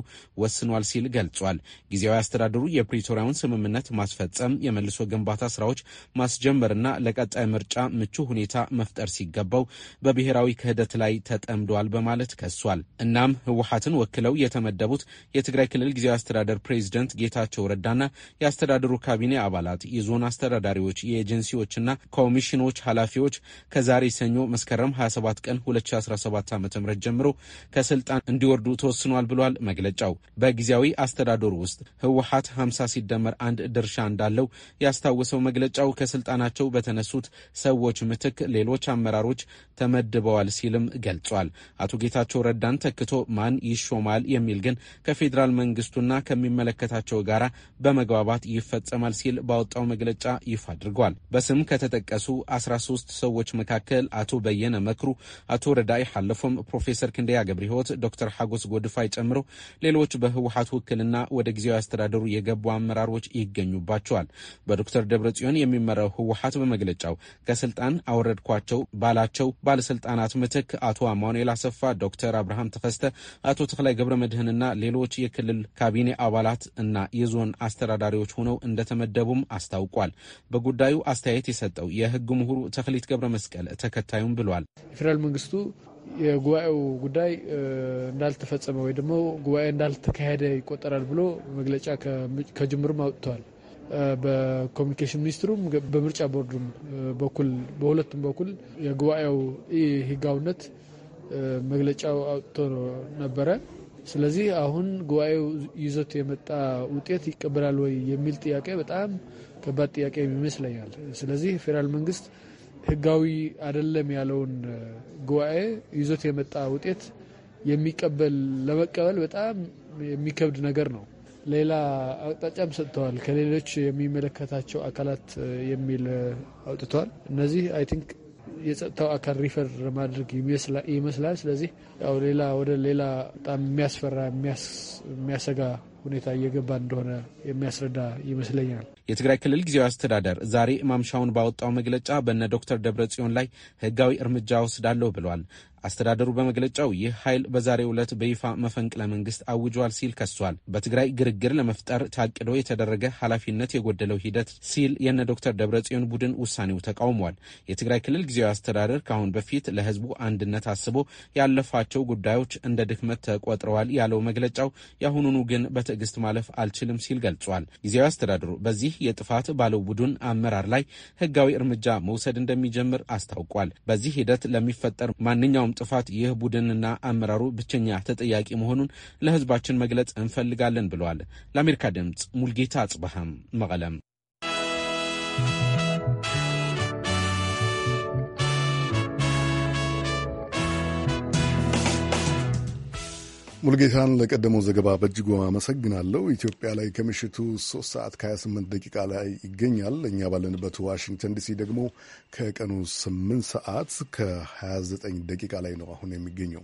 ወስኗል ሲል ገልጿል። ጊዜያዊ አስተዳደሩ የፕሪቶሪያውን ስምምነት ማስፈጸም፣ የመልሶ ግንባታ ስራዎች ማስጀመርና ለቀጣይ ምርጫ ምቹ ሁኔታ መፍጠር ሲገባው በብሔራዊ ክህደት ላይ ተጠምዷል በማለት ከሷል። እናም ህወሀትን ወክለው የተመደቡት የትግራይ ክልል ጊዜያዊ አስተዳደር ፕሬዚደንት ጌታቸው ረዳና የአስተዳደሩ ካቢኔ አባላት፣ የዞን አስተዳዳሪዎች፣ የኤጀንሲዎችና ኮሚሽኖች ኃላፊዎች ከዛሬ ሰኞ መስከረም 27 ቀን 2017 ዓ ም ጀምሮ ከስልጣን እንዲወርዱ ተወስኗል ብሏል መግለጫው። በጊዜያዊ አስተዳደሩ ውስጥ ህወሓት 50 ሲደመር አንድ ድርሻ እንዳለው ያስታወሰው መግለጫው ከስልጣናቸው በተነሱት ሰዎች ምትክ ሌሎች አመራሮች ተመድበዋል ሲልም ገልጿል። አቶ ጌታቸው ረዳን ተክቶ ማን ይሾማል የሚል ግን ከፌዴራል መንግስቱና ከሚመለከታቸው ጋር በመግባባት ይፈጸማል ሲል ባወጣው መግለጫ ይፋ አድርጓል። በስም ከተጠቀሱ 13 ሰዎች መካከል አቶ በየነ መክሩ፣ አቶ ረዳይ ሐለፎም፣ ፕሮፌሰር ክንደያ ገብረ ሕይወት፣ ዶክተር ሐጎስ ጎድፋይ ጨምሮ ሌሎች በህወሓት ውክልና ወደ ጊዜያዊ አስተዳደሩ የገቡ አመራሮች ይገኙባቸዋል። በዶክተር ጽዮን የሚመራው ህወሓት በመግለጫው ከስልጣን አወረድኳቸው ባላቸው ባለስልጣናት ምትክ አቶ አማኑኤል አሰፋ፣ ዶክተር አብርሃም ተከስተ፣ አቶ ተክላይ ገብረ መድህንና ሌሎች የክልል ካቢኔ አባላት እና የዞን አስተዳዳሪዎች ሆነው እንደተመደቡም አስታውቋል። በጉዳዩ አስተያየት የሰጠው የህግ ምሁሩ ተክሊት ገብረ መስቀል ተከታዩም ብሏል። የፌዴራል መንግስቱ የጉባኤው ጉዳይ እንዳልተፈጸመ ወይ ደግሞ ጉባኤ እንዳልተካሄደ ይቆጠራል ብሎ መግለጫ ከጅምርም አውጥተዋል። በኮሚኒኬሽን ሚኒስትሩም በምርጫ ቦርዱም በኩል በሁለቱም በኩል የጉባኤው ህጋዊነት መግለጫው አውጥቶ ነበረ። ስለዚህ አሁን ጉባኤው ይዞት የመጣ ውጤት ይቀበላል ወይ የሚል ጥያቄ በጣም ከባድ ጥያቄ ይመስለኛል። ስለዚህ ፌዴራል መንግስት ህጋዊ አይደለም ያለውን ጉባኤ ይዞት የመጣ ውጤት የሚቀበል ለመቀበል በጣም የሚከብድ ነገር ነው። ሌላ አቅጣጫም ሰጥተዋል። ከሌሎች የሚመለከታቸው አካላት የሚል አውጥተዋል። እነዚህ አይ ቲንክ የጸጥታው አካል ሪፈር ማድረግ ይመስላል። ስለዚህ ያው ሌላ ወደ ሌላ በጣም የሚያስፈራ የሚያሰጋ ሁኔታ እየገባ እንደሆነ የሚያስረዳ ይመስለኛል። የትግራይ ክልል ጊዜያዊ አስተዳደር ዛሬ ማምሻውን ባወጣው መግለጫ በነ ዶክተር ደብረ ጽዮን ላይ ህጋዊ እርምጃ ወስዳለሁ ብሏል። አስተዳደሩ በመግለጫው ይህ ኃይል በዛሬው ዕለት በይፋ መፈንቅለ መንግስት አውጇል ሲል ከሷል። በትግራይ ግርግር ለመፍጠር ታቅዶ የተደረገ ኃላፊነት የጎደለው ሂደት ሲል የነ ዶክተር ደብረጽዮን ቡድን ውሳኔው ተቃውሟል። የትግራይ ክልል ጊዜያዊ አስተዳደር ከአሁን በፊት ለህዝቡ አንድነት አስቦ ያለፋቸው ጉዳዮች እንደ ድክመት ተቆጥረዋል ያለው መግለጫው የአሁኑኑ ግን በትዕግስት ማለፍ አልችልም ሲል ገልጿል። ጊዜያዊ አስተዳደሩ በዚህ የጥፋት ባለው ቡድን አመራር ላይ ህጋዊ እርምጃ መውሰድ እንደሚጀምር አስታውቋል። በዚህ ሂደት ለሚፈጠር ማንኛውም ለተፈጠረውም ጥፋት ይህ ቡድንና አመራሩ ብቸኛ ተጠያቂ መሆኑን ለህዝባችን መግለጽ እንፈልጋለን ብለዋል። ለአሜሪካ ድምፅ ሙልጌታ አጽበሃም መቀለም ሙልጌታን ለቀደመው ዘገባ በእጅጉ አመሰግናለሁ። ኢትዮጵያ ላይ ከምሽቱ 3 ሰዓት ከ28 ደቂቃ ላይ ይገኛል። እኛ ባለንበት ዋሽንግተን ዲሲ ደግሞ ከቀኑ 8 ሰዓት ከ29 ደቂቃ ላይ ነው አሁን የሚገኘው።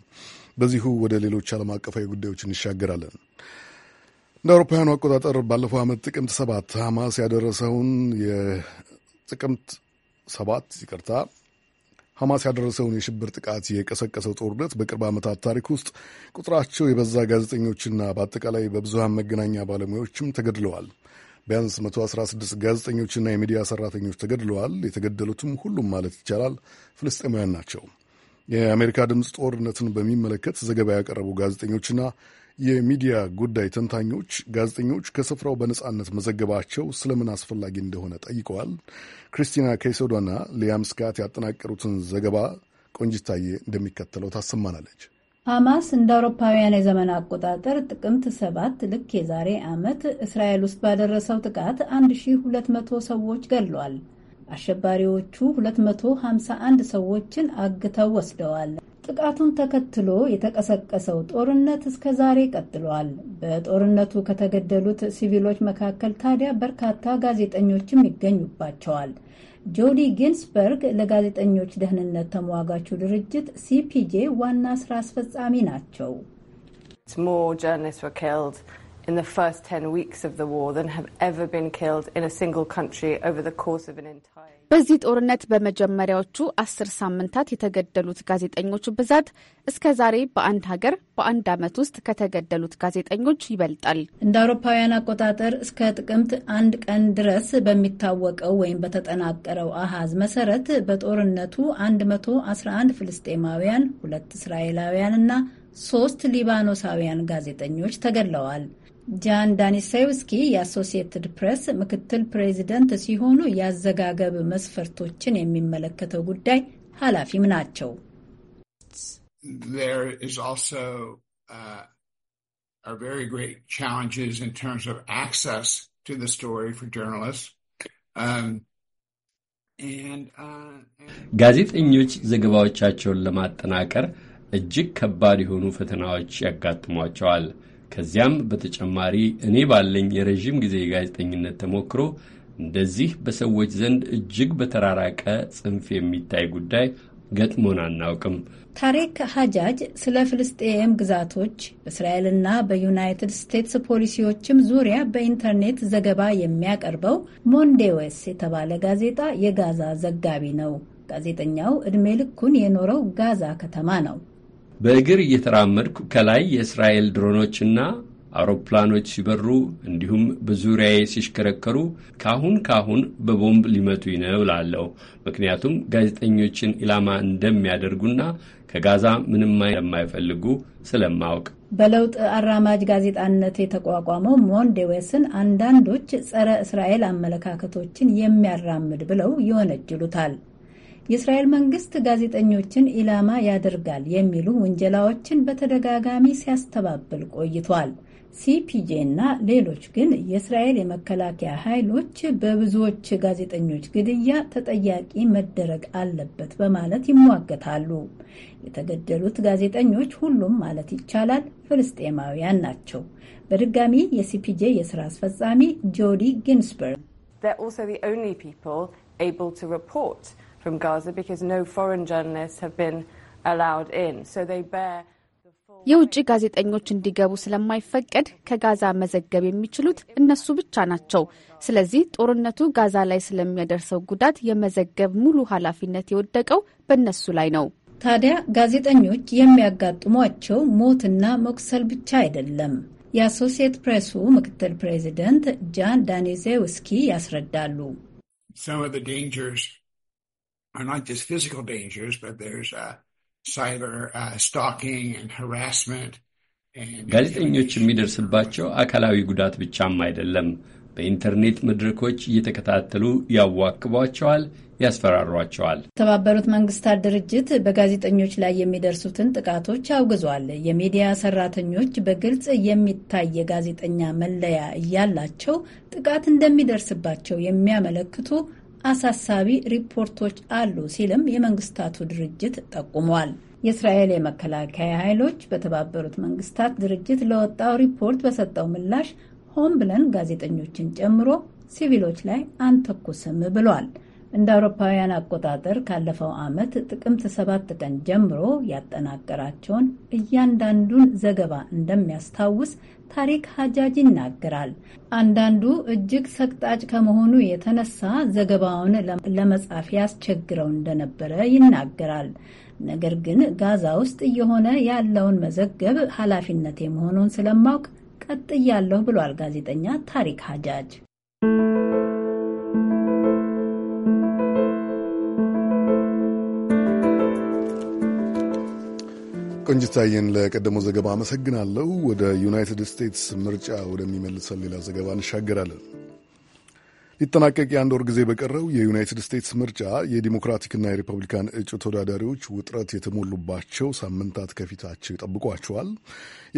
በዚሁ ወደ ሌሎች ዓለም አቀፋዊ ጉዳዮች እንሻገራለን። እንደ አውሮፓውያኑ አቆጣጠር ባለፈው ዓመት ጥቅምት ሰባት ሐማስ ያደረሰውን የጥቅምት ሰባት ይቅርታ ሐማስ ያደረሰውን የሽብር ጥቃት የቀሰቀሰው ጦርነት በቅርብ ዓመታት ታሪክ ውስጥ ቁጥራቸው የበዛ ጋዜጠኞችና በአጠቃላይ በብዙሃን መገናኛ ባለሙያዎችም ተገድለዋል። ቢያንስ 116 ጋዜጠኞችና የሚዲያ ሰራተኞች ተገድለዋል። የተገደሉትም ሁሉም ማለት ይቻላል ፍልስጤማውያን ናቸው። የአሜሪካ ድምፅ ጦርነትን በሚመለከት ዘገባ ያቀረቡ ጋዜጠኞችና የሚዲያ ጉዳይ ተንታኞች ጋዜጠኞች ከስፍራው በነጻነት መዘገባቸው ስለምን አስፈላጊ እንደሆነ ጠይቀዋል። ክሪስቲና ከይሶዶና ሊያም ስካት ያጠናቀሩትን ዘገባ ቆንጅታዬ እንደሚከተለው ታሰማናለች። ሐማስ እንደ አውሮፓውያን የዘመን አቆጣጠር ጥቅምት ሰባት ልክ የዛሬ ዓመት እስራኤል ውስጥ ባደረሰው ጥቃት 1200 ሰዎች ገድሏል። አሸባሪዎቹ 251 ሰዎችን አግተው ወስደዋል። ጥቃቱን ተከትሎ የተቀሰቀሰው ጦርነት እስከ ዛሬ ቀጥሏል። በጦርነቱ ከተገደሉት ሲቪሎች መካከል ታዲያ በርካታ ጋዜጠኞችም ይገኙባቸዋል። ጆዲ ጊንስበርግ ለጋዜጠኞች ደህንነት ተሟጋቹ ድርጅት ሲፒጄ ዋና ስራ አስፈጻሚ ናቸው። በዚህ ጦርነት በመጀመሪያዎቹ አስር ሳምንታት የተገደሉት ጋዜጠኞች ብዛት እስከ ዛሬ በአንድ ሀገር በአንድ ዓመት ውስጥ ከተገደሉት ጋዜጠኞች ይበልጣል። እንደ አውሮፓውያን አቆጣጠር እስከ ጥቅምት አንድ ቀን ድረስ በሚታወቀው ወይም በተጠናቀረው አሃዝ መሰረት በጦርነቱ 111 ፍልስጤማውያን፣ ሁለት እስራኤላውያን እና ሶስት ሊባኖሳውያን ጋዜጠኞች ተገድለዋል። ጃን ዳኒሴውስኪ የአሶሲየትድ ፕሬስ ምክትል ፕሬዚደንት ሲሆኑ የአዘጋገብ መስፈርቶችን የሚመለከተው ጉዳይ ኃላፊም ናቸው። uh, um, uh, ጋዜጠኞች ዘገባዎቻቸውን ለማጠናቀር እጅግ ከባድ የሆኑ ፈተናዎች ያጋጥሟቸዋል። ከዚያም በተጨማሪ እኔ ባለኝ የረዥም ጊዜ የጋዜጠኝነት ተሞክሮ እንደዚህ በሰዎች ዘንድ እጅግ በተራራቀ ጽንፍ የሚታይ ጉዳይ ገጥሞን አናውቅም። ታሪክ ሀጃጅ ስለ ፍልስጤም ግዛቶች በእስራኤልና በዩናይትድ ስቴትስ ፖሊሲዎችም ዙሪያ በኢንተርኔት ዘገባ የሚያቀርበው ሞንዴዌስ የተባለ ጋዜጣ የጋዛ ዘጋቢ ነው። ጋዜጠኛው ዕድሜ ልኩን የኖረው ጋዛ ከተማ ነው። በእግር እየተራመድኩ ከላይ የእስራኤል ድሮኖችና አውሮፕላኖች ሲበሩ እንዲሁም በዙሪያዬ ሲሽከረከሩ ካሁን ካሁን በቦምብ ሊመቱኝ ነው እላለሁ። ምክንያቱም ጋዜጠኞችን ኢላማ እንደሚያደርጉና ከጋዛ ምንም እንደማይፈልጉ ስለማውቅ በለውጥ አራማጅ ጋዜጣነት የተቋቋመው ሞንዴዌስን አንዳንዶች ጸረ እስራኤል አመለካከቶችን የሚያራምድ ብለው ይወነጅሉታል። የእስራኤል መንግስት ጋዜጠኞችን ኢላማ ያደርጋል የሚሉ ውንጀላዎችን በተደጋጋሚ ሲያስተባብል ቆይቷል። ሲፒጄ እና ሌሎች ግን የእስራኤል የመከላከያ ኃይሎች በብዙዎች ጋዜጠኞች ግድያ ተጠያቂ መደረግ አለበት በማለት ይሟገታሉ። የተገደሉት ጋዜጠኞች ሁሉም ማለት ይቻላል ፍልስጤማውያን ናቸው። በድጋሚ የሲፒጄ የስራ አስፈጻሚ ጆዲ ጊንስበርግ የውጭ ጋዜጠኞች እንዲገቡ ስለማይፈቀድ ከጋዛ መዘገብ የሚችሉት እነሱ ብቻ ናቸው። ስለዚህ ጦርነቱ ጋዛ ላይ ስለሚያደርሰው ጉዳት የመዘገብ ሙሉ ኃላፊነት የወደቀው በእነሱ ላይ ነው። ታዲያ ጋዜጠኞች የሚያጋጥሟቸው ሞትና መቁሰል ብቻ አይደለም። የአሶሲየት ፕሬሱ ምክትል ፕሬዚደንት ጃን ዳኒዜውስኪ ያስረዳሉ። are not just physical dangers, but there's uh, cyber uh, stalking and harassment. ጋዜጠኞች የሚደርስባቸው አካላዊ ጉዳት ብቻም አይደለም። በኢንተርኔት መድረኮች እየተከታተሉ ያዋክቧቸዋል፣ ያስፈራሯቸዋል። የተባበሩት መንግስታት ድርጅት በጋዜጠኞች ላይ የሚደርሱትን ጥቃቶች አውግዟል። የሚዲያ ሰራተኞች በግልጽ የሚታይ የጋዜጠኛ መለያ እያላቸው ጥቃት እንደሚደርስባቸው የሚያመለክቱ አሳሳቢ ሪፖርቶች አሉ ሲልም የመንግስታቱ ድርጅት ጠቁሟል። የእስራኤል የመከላከያ ኃይሎች በተባበሩት መንግስታት ድርጅት ለወጣው ሪፖርት በሰጠው ምላሽ ሆን ብለን ጋዜጠኞችን ጨምሮ ሲቪሎች ላይ አንተኩስም ብሏል። እንደ አውሮፓውያን አቆጣጠር ካለፈው ዓመት ጥቅምት ሰባት ቀን ጀምሮ ያጠናቀራቸውን እያንዳንዱን ዘገባ እንደሚያስታውስ ታሪክ ሀጃጅ ይናገራል። አንዳንዱ እጅግ ሰቅጣጭ ከመሆኑ የተነሳ ዘገባውን ለመጻፍ ያስቸግረው እንደነበረ ይናገራል። ነገር ግን ጋዛ ውስጥ እየሆነ ያለውን መዘገብ ኃላፊነቴ መሆኑን ስለማውቅ ቀጥያለሁ ብሏል ጋዜጠኛ ታሪክ ሀጃጅ። ቆንጅታየን ለቀደመው ዘገባ አመሰግናለሁ። ወደ ዩናይትድ ስቴትስ ምርጫ ወደሚመልሰን ሌላ ዘገባ እንሻገራለን። ሊጠናቀቅ የአንድ ወር ጊዜ በቀረው የዩናይትድ ስቴትስ ምርጫ የዲሞክራቲክና የሪፐብሊካን እጩ ተወዳዳሪዎች ውጥረት የተሞሉባቸው ሳምንታት ከፊታቸው ይጠብቋቸዋል።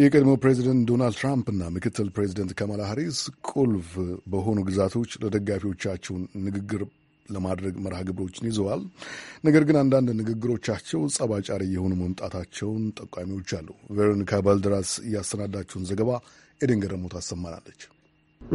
የቀድሞ ፕሬዚደንት ዶናልድ ትራምፕ እና ምክትል ፕሬዚደንት ካማላ ሃሪስ ቁልፍ በሆኑ ግዛቶች ለደጋፊዎቻቸውን ንግግር ለማድረግ መርሃ ግብሮችን ይዘዋል። ነገር ግን አንዳንድ ንግግሮቻቸው ጸባጫሪ የሆኑ መምጣታቸውን ጠቋሚዎች አሉ። ቬሮኒካ ባልደራስ እያሰናዳችውን ዘገባ ኤደን ገረሙ ታሰማናለች።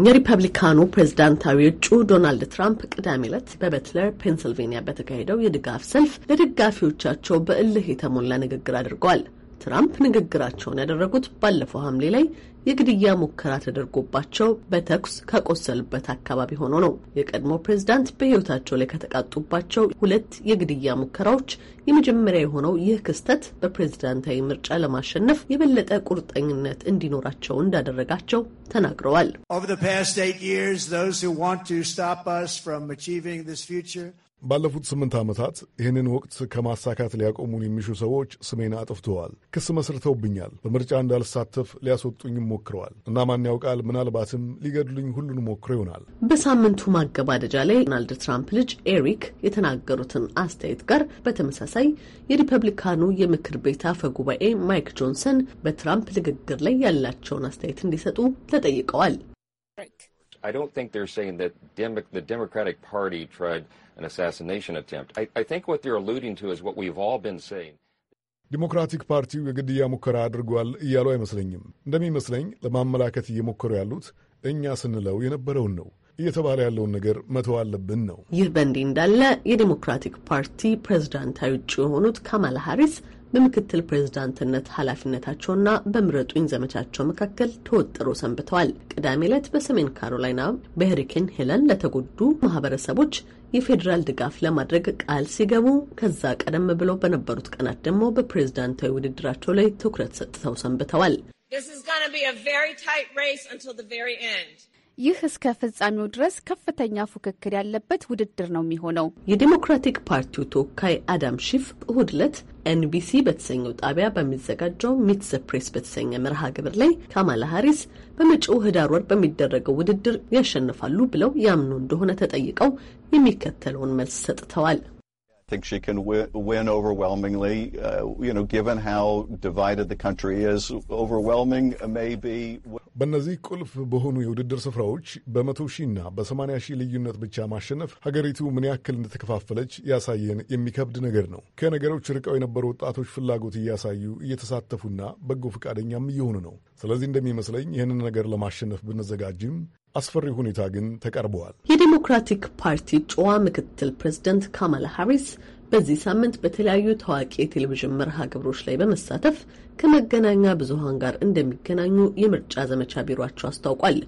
የሪፐብሊካኑ ፕሬዝዳንታዊ እጩ ዶናልድ ትራምፕ ቅዳሜ ዕለት በበትለር ፔንስልቬኒያ በተካሄደው የድጋፍ ሰልፍ ለደጋፊዎቻቸው በእልህ የተሞላ ንግግር አድርገዋል። ትራምፕ ንግግራቸውን ያደረጉት ባለፈው ሐምሌ ላይ የግድያ ሙከራ ተደርጎባቸው በተኩስ ከቆሰሉበት አካባቢ ሆኖ ነው። የቀድሞ ፕሬዝዳንት በሕይወታቸው ላይ ከተቃጡባቸው ሁለት የግድያ ሙከራዎች የመጀመሪያ የሆነው ይህ ክስተት በፕሬዝዳንታዊ ምርጫ ለማሸነፍ የበለጠ ቁርጠኝነት እንዲኖራቸው እንዳደረጋቸው ተናግረዋል። ባለፉት ስምንት ዓመታት ይህንን ወቅት ከማሳካት ሊያቆሙን የሚሹ ሰዎች ስሜን አጥፍተዋል። ክስ መስርተውብኛል። በምርጫ እንዳልሳተፍ ሊያስወጡኝም ሞክረዋል እና ማን ያውቃል፣ ምናልባትም ሊገድሉኝ ሁሉን ሞክሮ ይሆናል። በሳምንቱ ማገባደጃ ላይ ዶናልድ ትራምፕ ልጅ ኤሪክ የተናገሩትን አስተያየት ጋር በተመሳሳይ የሪፐብሊካኑ የምክር ቤት አፈ ጉባኤ ማይክ ጆንሰን በትራምፕ ንግግር ላይ ያላቸውን አስተያየት እንዲሰጡ ተጠይቀዋል። I don't think they're saying that Demo- the Democratic Party tried an assassination attempt. I, I think what they're alluding to is what we've all been saying. ዲሞክራቲክ ፓርቲው የግድያ ሙከራ አድርጓል እያሉ አይመስለኝም። እንደሚመስለኝ ለማመላከት እየሞከሩ ያሉት እኛ ስንለው የነበረውን ነው እየተባለ ያለውን ነገር መተው አለብን ነው። ይህ በእንዲህ እንዳለ የዲሞክራቲክ ፓርቲ ፕሬዝዳንታዊ እጩ የሆኑት ካማላ ሃሪስ በምክትል ፕሬዝዳንትነት ኃላፊነታቸውና በምረጡኝ ዘመቻቸው መካከል ተወጥሮ ሰንብተዋል። ቅዳሜ ዕለት በሰሜን ካሮላይና በሄሪኬን ሄለን ለተጎዱ ማህበረሰቦች የፌዴራል ድጋፍ ለማድረግ ቃል ሲገቡ ከዛ ቀደም ብለው በነበሩት ቀናት ደግሞ በፕሬዝዳንታዊ ውድድራቸው ላይ ትኩረት ሰጥተው ሰንብተዋል። ይህ እስከ ፍጻሜው ድረስ ከፍተኛ ፉክክር ያለበት ውድድር ነው የሚሆነው። የዴሞክራቲክ ፓርቲው ተወካይ አዳም ሺፍ እሁድ ዕለት ኤንቢሲ በተሰኘው ጣቢያ በሚዘጋጀው ሚት ዘ ፕሬስ በተሰኘ መርሃ ግብር ላይ ካማላ ሀሪስ በመጪው ህዳር ወር በሚደረገው ውድድር ያሸንፋሉ ብለው ያምኑ እንደሆነ ተጠይቀው የሚከተለውን መልስ ሰጥተዋል። I think she can win, overwhelmingly. Uh, you know, given how divided the country is, overwhelming may በእነዚህ ቁልፍ በሆኑ የውድድር ስፍራዎች በመቶ ሺህና በሰማንያ ሺህ ልዩነት ብቻ ማሸነፍ ሀገሪቱ ምን ያክል እንደተከፋፈለች ያሳየን የሚከብድ ነገር ነው። ከነገሮች ርቀው የነበሩ ወጣቶች ፍላጎት እያሳዩ እየተሳተፉና በጎ ፈቃደኛም እየሆኑ ነው። ስለዚህ እንደሚመስለኝ ይህንን ነገር ለማሸነፍ ብንዘጋጅም አስፈሪ ሁኔታ ግን ተቀርበዋል። የዲሞክራቲክ ፓርቲ ጨዋ ምክትል ፕሬዚደንት ካማላ ሃሪስ በዚህ ሳምንት በተለያዩ ታዋቂ የቴሌቪዥን መርሃ ግብሮች ላይ በመሳተፍ ከመገናኛ ብዙሃን ጋር እንደሚገናኙ የምርጫ ዘመቻ ቢሯቸው አስታውቋል።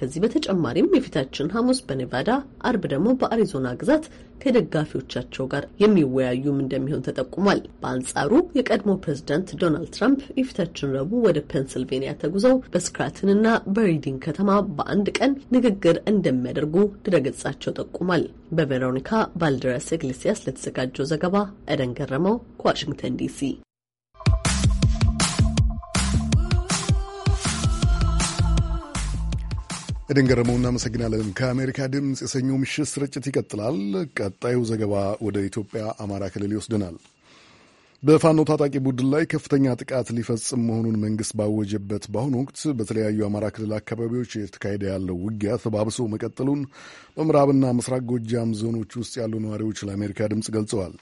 ከዚህ በተጨማሪም የፊታችን ሐሙስ በኔቫዳ፣ አርብ ደግሞ በአሪዞና ግዛት ከደጋፊዎቻቸው ጋር የሚወያዩም እንደሚሆን ተጠቁሟል። በአንጻሩ የቀድሞ ፕሬዚዳንት ዶናልድ ትራምፕ የፊታችን ረቡዕ ወደ ፔንስልቬኒያ ተጉዘው በስክራትንና በሪዲንግ ከተማ በአንድ ቀን ንግግር እንደሚያደርጉ ድረገጻቸው ጠቁሟል። በቬሮኒካ ባልደረስ ኢግሌሲያስ ለተዘጋጀው ዘገባ ኤደን ገረመው ከዋሽንግተን ዲሲ ኤደን ገረመው እናመሰግናለን። ከአሜሪካ ድምፅ የሰኞ ምሽት ስርጭት ይቀጥላል። ቀጣዩ ዘገባ ወደ ኢትዮጵያ አማራ ክልል ይወስደናል። በፋኖ ታጣቂ ቡድን ላይ ከፍተኛ ጥቃት ሊፈጽም መሆኑን መንግስት ባወጀበት በአሁኑ ወቅት በተለያዩ የአማራ ክልል አካባቢዎች የተካሄደ ያለው ውጊያ ተባብሶ መቀጠሉን በምዕራብና ምስራቅ ጎጃም ዞኖች ውስጥ ያሉ ነዋሪዎች ለአሜሪካ ድምፅ ገልጸዋል።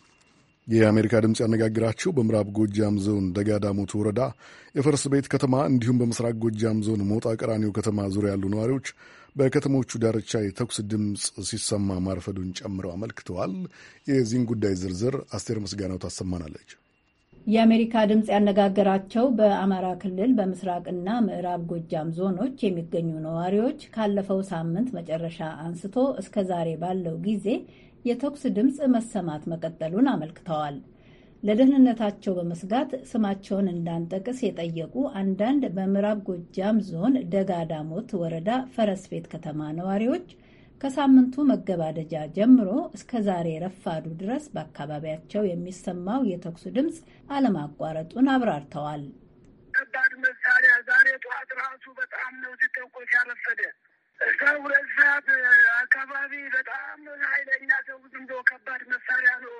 የአሜሪካ ድምፅ ያነጋግራቸው በምዕራብ ጎጃም ዞን ደጋዳሞት ወረዳ የፈርስ ቤት ከተማ እንዲሁም በምስራቅ ጎጃም ዞን ሞጣ ቀራኒዮ ከተማ ዙሪያ ያሉ ነዋሪዎች በከተሞቹ ዳርቻ የተኩስ ድምፅ ሲሰማ ማርፈዱን ጨምረው አመልክተዋል። የዚህን ጉዳይ ዝርዝር አስቴር ምስጋናው ታሰማናለች። የአሜሪካ ድምፅ ያነጋገራቸው በአማራ ክልል በምስራቅና ምዕራብ ጎጃም ዞኖች የሚገኙ ነዋሪዎች ካለፈው ሳምንት መጨረሻ አንስቶ እስከ ዛሬ ባለው ጊዜ የተኩስ ድምፅ መሰማት መቀጠሉን አመልክተዋል። ለደህንነታቸው በመስጋት ስማቸውን እንዳንጠቅስ የጠየቁ አንዳንድ በምዕራብ ጎጃም ዞን ደጋዳሞት ወረዳ ፈረስ ቤት ከተማ ነዋሪዎች ከሳምንቱ መገባደጃ ጀምሮ እስከ ዛሬ ረፋዱ ድረስ በአካባቢያቸው የሚሰማው የተኩስ ድምፅ አለማቋረጡን አብራርተዋል። ከባድ መሳሪያ ዛሬ ጠዋት ራሱ በጣም ነው ሲተኮስ ያረፈደ እስከ ሁለት ሰዓት አካባቢ በጣም ኃይለኛ ሰው ዝንዶ ከባድ መሳሪያ ነው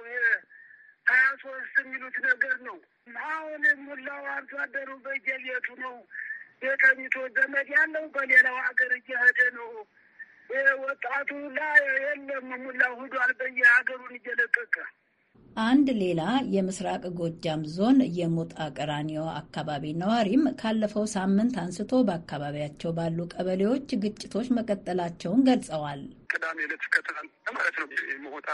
ሀያ ሶስት የሚሉት ነገር ነው። አሁን ሙላው አርሶ አደሩ በየቤቱ ነው የተኝቶ፣ ዘመድ ያለው በሌላው ሀገር እየሄደ ነው። ወጣቱ ላ የለም ሙላው ሂዷል በየሀገሩን እየለቀቀ አንድ ሌላ የምስራቅ ጎጃም ዞን የሞጣ ቀራኒዮ አካባቢ ነዋሪም ካለፈው ሳምንት አንስቶ በአካባቢያቸው ባሉ ቀበሌዎች ግጭቶች መቀጠላቸውን ገልጸዋል። ቅዳሜ ዕለት ከትናንት ማለት ነው ሞጣ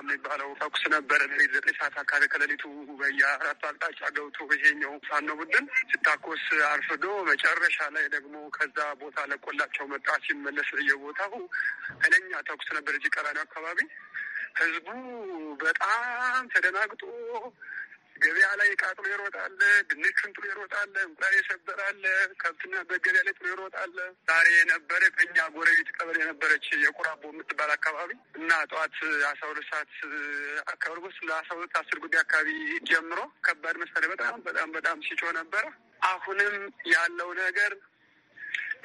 የሚባለው ተኩስ ነበረ። ሌሊት ዘጠኝ ሰዓት አካባቢ ከሌሊቱ በየአራት አቅጣጫ ገብቶ ይሄኛው ፋኖ ቡድን ሲታኮስ አርፍዶ መጨረሻ ላይ ደግሞ ከዛ ቦታ ለቆላቸው መጣ። ሲመለስ የቦታው ኃይለኛ ተኩስ ነበር እዚህ ቀራኒዮ አካባቢ ህዝቡ በጣም ተደናግጦ ገበያ ላይ እቃ ጥሎ ይሮጣል። ድንቹን ጥሎ ይሮጣል። እንቁላል የሰበራል። ከብትና በገበያ ላይ ጥሎ ይሮጣል። ዛሬ የነበረ ከኛ ጎረቤት ቀበሌ የነበረች የቁራቦ የምትባል አካባቢ እና ጠዋት አስራ ሁለት ሰዓት አካባቢ ውስጥ ለአስራ ሁለት አስር ጉዳይ አካባቢ ጀምሮ ከባድ መሳሪያ በጣም በጣም በጣም ሲጮህ ነበረ። አሁንም ያለው ነገር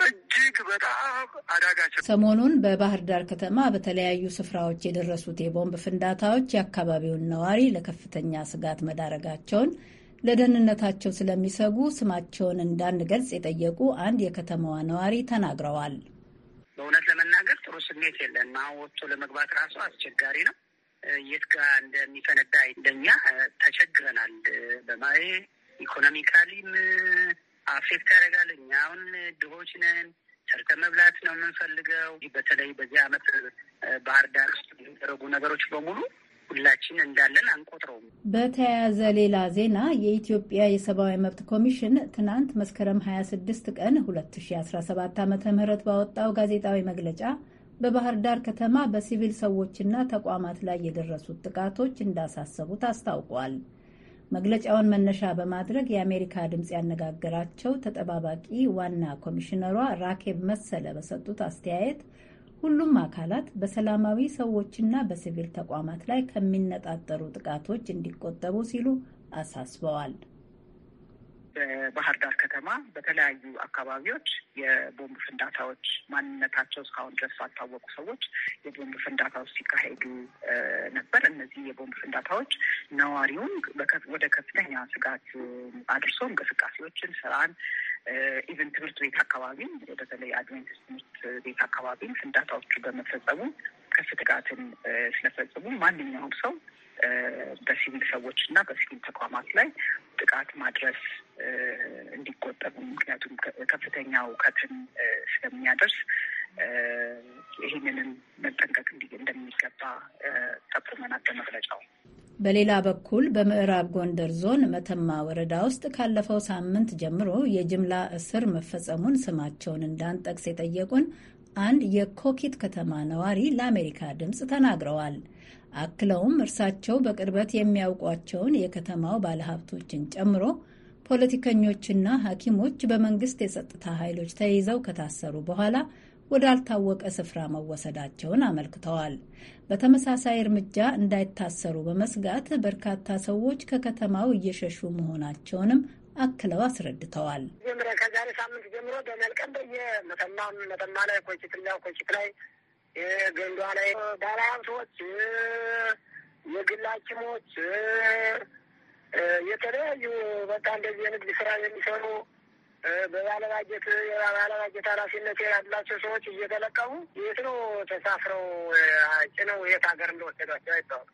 እጅግ በጣም አዳጋቸው። ሰሞኑን በባህር ዳር ከተማ በተለያዩ ስፍራዎች የደረሱት የቦምብ ፍንዳታዎች የአካባቢውን ነዋሪ ለከፍተኛ ስጋት መዳረጋቸውን ለደህንነታቸው ስለሚሰጉ ስማቸውን እንዳንገልጽ የጠየቁ አንድ የከተማዋ ነዋሪ ተናግረዋል። በእውነት ለመናገር ጥሩ ስሜት የለን። አሁን ወጥቶ ለመግባት ራሱ አስቸጋሪ ነው። የት ጋ እንደሚፈነዳ እንደኛ ተቸግረናል። በማ ኢኮኖሚካሊም አፌክት ያደርጋል። እኛ አሁን ድሆች ነን። ሰርተ መብላት ነው የምንፈልገው። በተለይ በዚህ አመት ባህር ዳር ውስጥ የሚደረጉ ነገሮች በሙሉ ሁላችን እንዳለን አንቆጥረውም። በተያያዘ ሌላ ዜና የኢትዮጵያ የሰብአዊ መብት ኮሚሽን ትናንት መስከረም 26 ቀን 2017 ዓ ም ባወጣው ጋዜጣዊ መግለጫ በባህር ዳር ከተማ በሲቪል ሰዎችና ተቋማት ላይ የደረሱት ጥቃቶች እንዳሳሰቡት አስታውቋል። መግለጫውን መነሻ በማድረግ የአሜሪካ ድምፅ ያነጋገራቸው ተጠባባቂ ዋና ኮሚሽነሯ ራኬብ መሰለ በሰጡት አስተያየት ሁሉም አካላት በሰላማዊ ሰዎችና በሲቪል ተቋማት ላይ ከሚነጣጠሩ ጥቃቶች እንዲቆጠቡ ሲሉ አሳስበዋል። በባህር ዳር ከተማ በተለያዩ አካባቢዎች የቦምብ ፍንዳታዎች ማንነታቸው እስካሁን ድረስ ባልታወቁ ሰዎች የቦምብ ፍንዳታዎች ሲካሄዱ ነበር። እነዚህ የቦምብ ፍንዳታዎች ነዋሪውን ወደ ከፍተኛ ስጋት አድርሶ እንቅስቃሴዎችን፣ ስራን ኢቨን ትምህርት ቤት አካባቢም በተለይ አድቬንቲስት ትምህርት ቤት አካባቢም ፍንዳታዎቹ በመፈጸሙ ትጋትን ስለፈጽሙ ማንኛውም ሰው በሲቪል ሰዎች እና በሲቪል ተቋማት ላይ ጥቃት ማድረስ እንዲቆጠቡ ምክንያቱም ከፍተኛ እውቀትን ስለሚያደርስ ይህንንም መጠንቀቅ እንደሚገባ ጠቁመናል በመግለጫው። በሌላ በኩል በምዕራብ ጎንደር ዞን መተማ ወረዳ ውስጥ ካለፈው ሳምንት ጀምሮ የጅምላ እስር መፈጸሙን ስማቸውን እንዳንጠቅስ የጠየቁን አንድ የኮኪት ከተማ ነዋሪ ለአሜሪካ ድምፅ ተናግረዋል። አክለውም እርሳቸው በቅርበት የሚያውቋቸውን የከተማው ባለሀብቶችን ጨምሮ ፖለቲከኞችና ሐኪሞች በመንግስት የጸጥታ ኃይሎች ተይዘው ከታሰሩ በኋላ ወዳልታወቀ ስፍራ መወሰዳቸውን አመልክተዋል። በተመሳሳይ እርምጃ እንዳይታሰሩ በመስጋት በርካታ ሰዎች ከከተማው እየሸሹ መሆናቸውንም አክለው አስረድተዋል። ከዛሬ ሳምንት ጀምሮ በመልቀም በየመተማም መተማ ላይ ኮችት ላይ ኮችት ላይ ገንዷ ላይ ባለሀብቶች፣ የግል ሐኪሞች፣ የተለያዩ በቃ እንደዚህ የንግድ ስራ የሚሰሩ በባለባጀት ኃላፊነት ያላቸው ሰዎች እየተለቀሙ የት ነው ተሳፍረው ጭነው የት ሀገር እንደወሰዷቸው አይታወቅም።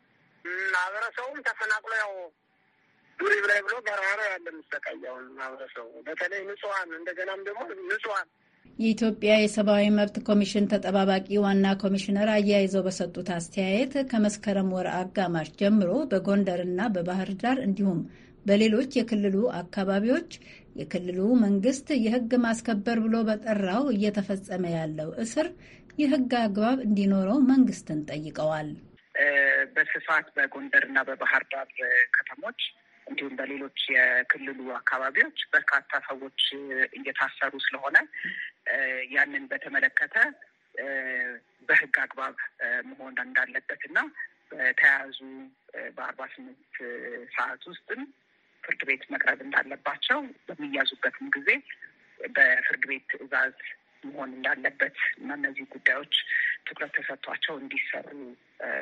ማህበረሰቡም ተፈናቅሎ ያው ዱሪ ብሎ በረሃ ነው ያለ የሚሰቃየውን ማህበረሰቡ በተለይ ንጹሐን እንደገናም ደግሞ ንጹሐን የኢትዮጵያ የሰብአዊ መብት ኮሚሽን ተጠባባቂ ዋና ኮሚሽነር አያይዘው በሰጡት አስተያየት ከመስከረም ወር አጋማሽ ጀምሮ በጎንደርና በባህር ዳር እንዲሁም በሌሎች የክልሉ አካባቢዎች የክልሉ መንግስት የህግ ማስከበር ብሎ በጠራው እየተፈጸመ ያለው እስር የህግ አግባብ እንዲኖረው መንግስትን ጠይቀዋል። በስፋት በጎንደርና በባህር ዳር ከተሞች እንዲሁም በሌሎች የክልሉ አካባቢዎች በርካታ ሰዎች እየታሰሩ ስለሆነ ያንን በተመለከተ በህግ አግባብ መሆን እንዳለበት እና በተያያዙ በአርባ ስምንት ሰዓት ውስጥም ፍርድ ቤት መቅረብ እንዳለባቸው በሚያዙበትም ጊዜ በፍርድ ቤት ትዕዛዝ መሆን እንዳለበት እና እነዚህ ጉዳዮች ትኩረት ተሰጥቷቸው እንዲሰሩ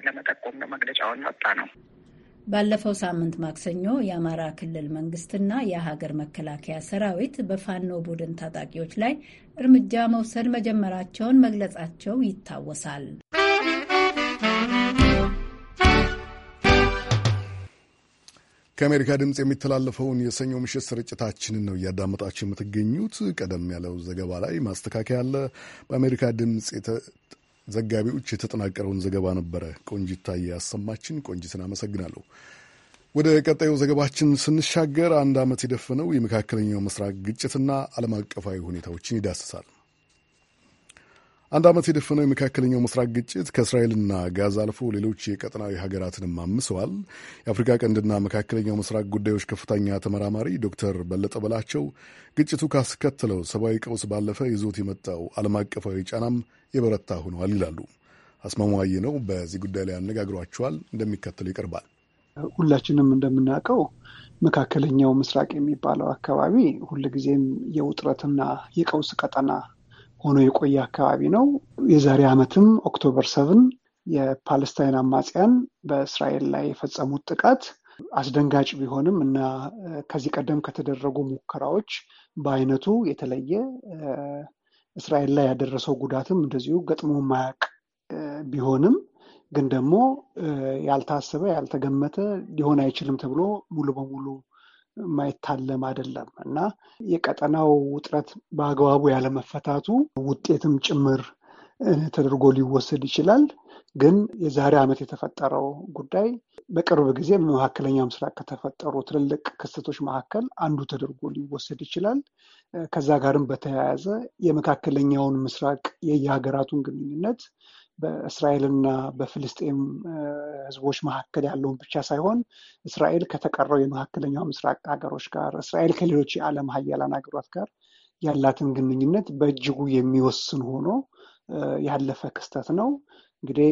ለመጠቆም ነው መግለጫውን ያወጣ ነው። ባለፈው ሳምንት ማክሰኞ የአማራ ክልል መንግስትና የሀገር መከላከያ ሰራዊት በፋኖ ቡድን ታጣቂዎች ላይ እርምጃ መውሰድ መጀመራቸውን መግለጻቸው ይታወሳል። ከአሜሪካ ድምፅ የሚተላለፈውን የሰኞ ምሽት ስርጭታችንን ነው እያዳመጣችሁ የምትገኙት። ቀደም ያለው ዘገባ ላይ ማስተካከያ አለ። በአሜሪካ ድምፅ ዘጋቢዎች የተጠናቀረውን ዘገባ ነበረ ቆንጂት ታዬ ያሰማችን። ቆንጅትን አመሰግናለሁ። ወደ ቀጣዩ ዘገባችን ስንሻገር አንድ ዓመት የደፈነው የመካከለኛው ምስራቅ ግጭትና ዓለም አቀፋዊ ሁኔታዎችን ይዳስሳል። አንድ ዓመት የደፈነው የመካከለኛው ምስራቅ ግጭት ከእስራኤልና ጋዛ አልፎ ሌሎች የቀጠናዊ ሀገራትንም አምሰዋል። የአፍሪካ ቀንድና መካከለኛው ምስራቅ ጉዳዮች ከፍተኛ ተመራማሪ ዶክተር በለጠ በላቸው ግጭቱ ካስከተለው ሰብአዊ ቀውስ ባለፈ ይዞት የመጣው ዓለም አቀፋዊ ጫናም የበረታ ሆነዋል ይላሉ። አስማማዬ ነው በዚህ ጉዳይ ላይ አነጋግሯቸዋል፣ እንደሚከተለው ይቀርባል። ሁላችንም እንደምናውቀው መካከለኛው ምስራቅ የሚባለው አካባቢ ሁልጊዜም የውጥረትና የቀውስ ቀጠና ሆኖ የቆየ አካባቢ ነው። የዛሬ ዓመትም ኦክቶበር ሰብን የፓለስታይን አማጽያን በእስራኤል ላይ የፈጸሙት ጥቃት አስደንጋጭ ቢሆንም እና ከዚህ ቀደም ከተደረጉ ሙከራዎች በአይነቱ የተለየ እስራኤል ላይ ያደረሰው ጉዳትም እንደዚሁ ገጥሞ ማያቅ ቢሆንም ግን ደግሞ ያልታሰበ ያልተገመተ ሊሆን አይችልም ተብሎ ሙሉ በሙሉ የማይታለም አይደለም እና የቀጠናው ውጥረት በአግባቡ ያለመፈታቱ ውጤትም ጭምር ተደርጎ ሊወሰድ ይችላል። ግን የዛሬ ዓመት የተፈጠረው ጉዳይ በቅርብ ጊዜ በመካከለኛ ምስራቅ ከተፈጠሩ ትልልቅ ክስተቶች መካከል አንዱ ተደርጎ ሊወሰድ ይችላል። ከዛ ጋርም በተያያዘ የመካከለኛውን ምስራቅ የየሀገራቱን ግንኙነት በእስራኤልና በፍልስጤም ህዝቦች መካከል ያለውን ብቻ ሳይሆን እስራኤል ከተቀረው የመካከለኛው ምስራቅ ሀገሮች ጋር፣ እስራኤል ከሌሎች የዓለም ሀያላን ሀገሯት ጋር ያላትን ግንኙነት በእጅጉ የሚወስን ሆኖ ያለፈ ክስተት ነው። እንግዲህ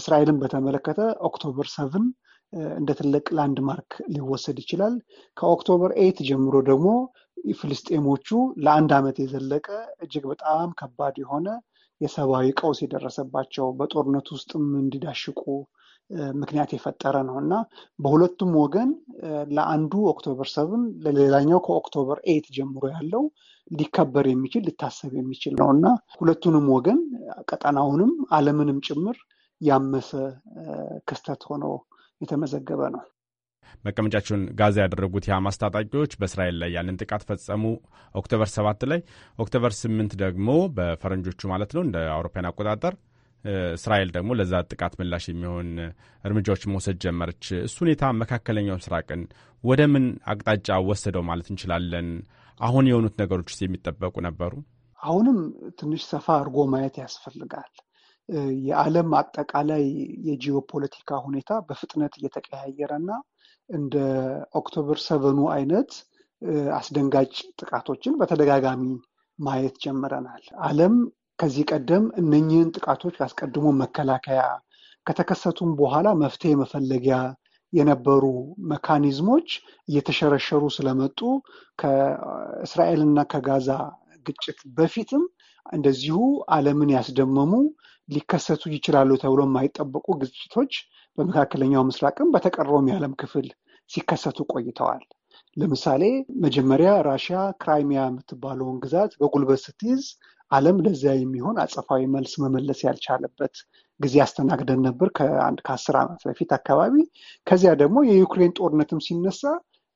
እስራኤልን በተመለከተ ኦክቶበር ሰቭን እንደ ትልቅ ላንድ ማርክ ሊወሰድ ይችላል። ከኦክቶበር ኤት ጀምሮ ደግሞ ፍልስጤሞቹ ለአንድ ዓመት የዘለቀ እጅግ በጣም ከባድ የሆነ የሰብአዊ ቀውስ የደረሰባቸው በጦርነት ውስጥም እንዲዳሽቁ ምክንያት የፈጠረ ነው እና በሁለቱም ወገን ለአንዱ ኦክቶበር ሰብን ለሌላኛው ከኦክቶበር ኤት ጀምሮ ያለው ሊከበር የሚችል ሊታሰብ የሚችል ነው እና ሁለቱንም ወገን ቀጠናውንም አለምንም ጭምር ያመሰ ክስተት ሆኖ የተመዘገበ ነው። መቀመጫቸውን ጋዛ ያደረጉት የሐማስ ታጣቂዎች በእስራኤል ላይ ያንን ጥቃት ፈጸሙ ኦክቶበር 7 ላይ። ኦክቶበር 8 ደግሞ በፈረንጆቹ ማለት ነው እንደ አውሮፓውያን አቆጣጠር እስራኤል ደግሞ ለዛ ጥቃት ምላሽ የሚሆን እርምጃዎች መውሰድ ጀመረች። እሱ ሁኔታ መካከለኛው ምስራቅን ወደ ምን አቅጣጫ ወሰደው ማለት እንችላለን? አሁን የሆኑት ነገሮች ውስጥ የሚጠበቁ ነበሩ። አሁንም ትንሽ ሰፋ አድርጎ ማየት ያስፈልጋል። የዓለም አጠቃላይ የጂኦፖለቲካ ሁኔታ በፍጥነት እየተቀያየረ እና እንደ ኦክቶበር ሰቨኑ አይነት አስደንጋጭ ጥቃቶችን በተደጋጋሚ ማየት ጀምረናል። ዓለም ከዚህ ቀደም እነኚህን ጥቃቶች አስቀድሞ መከላከያ ከተከሰቱም በኋላ መፍትሄ መፈለጊያ የነበሩ መካኒዝሞች እየተሸረሸሩ ስለመጡ ከእስራኤልና ከጋዛ ግጭት በፊትም እንደዚሁ ዓለምን ያስደመሙ ሊከሰቱ ይችላሉ ተብሎ የማይጠበቁ ግጭቶች በመካከለኛው ምስራቅም በተቀረውም የዓለም ክፍል ሲከሰቱ ቆይተዋል። ለምሳሌ መጀመሪያ ራሽያ ክራይሚያ የምትባለውን ግዛት በጉልበት ስትይዝ ዓለም ለዚያ የሚሆን አጸፋዊ መልስ መመለስ ያልቻለበት ጊዜ አስተናግደን ነበር ከአንድ ከአስር ዓመት በፊት አካባቢ። ከዚያ ደግሞ የዩክሬን ጦርነትም ሲነሳ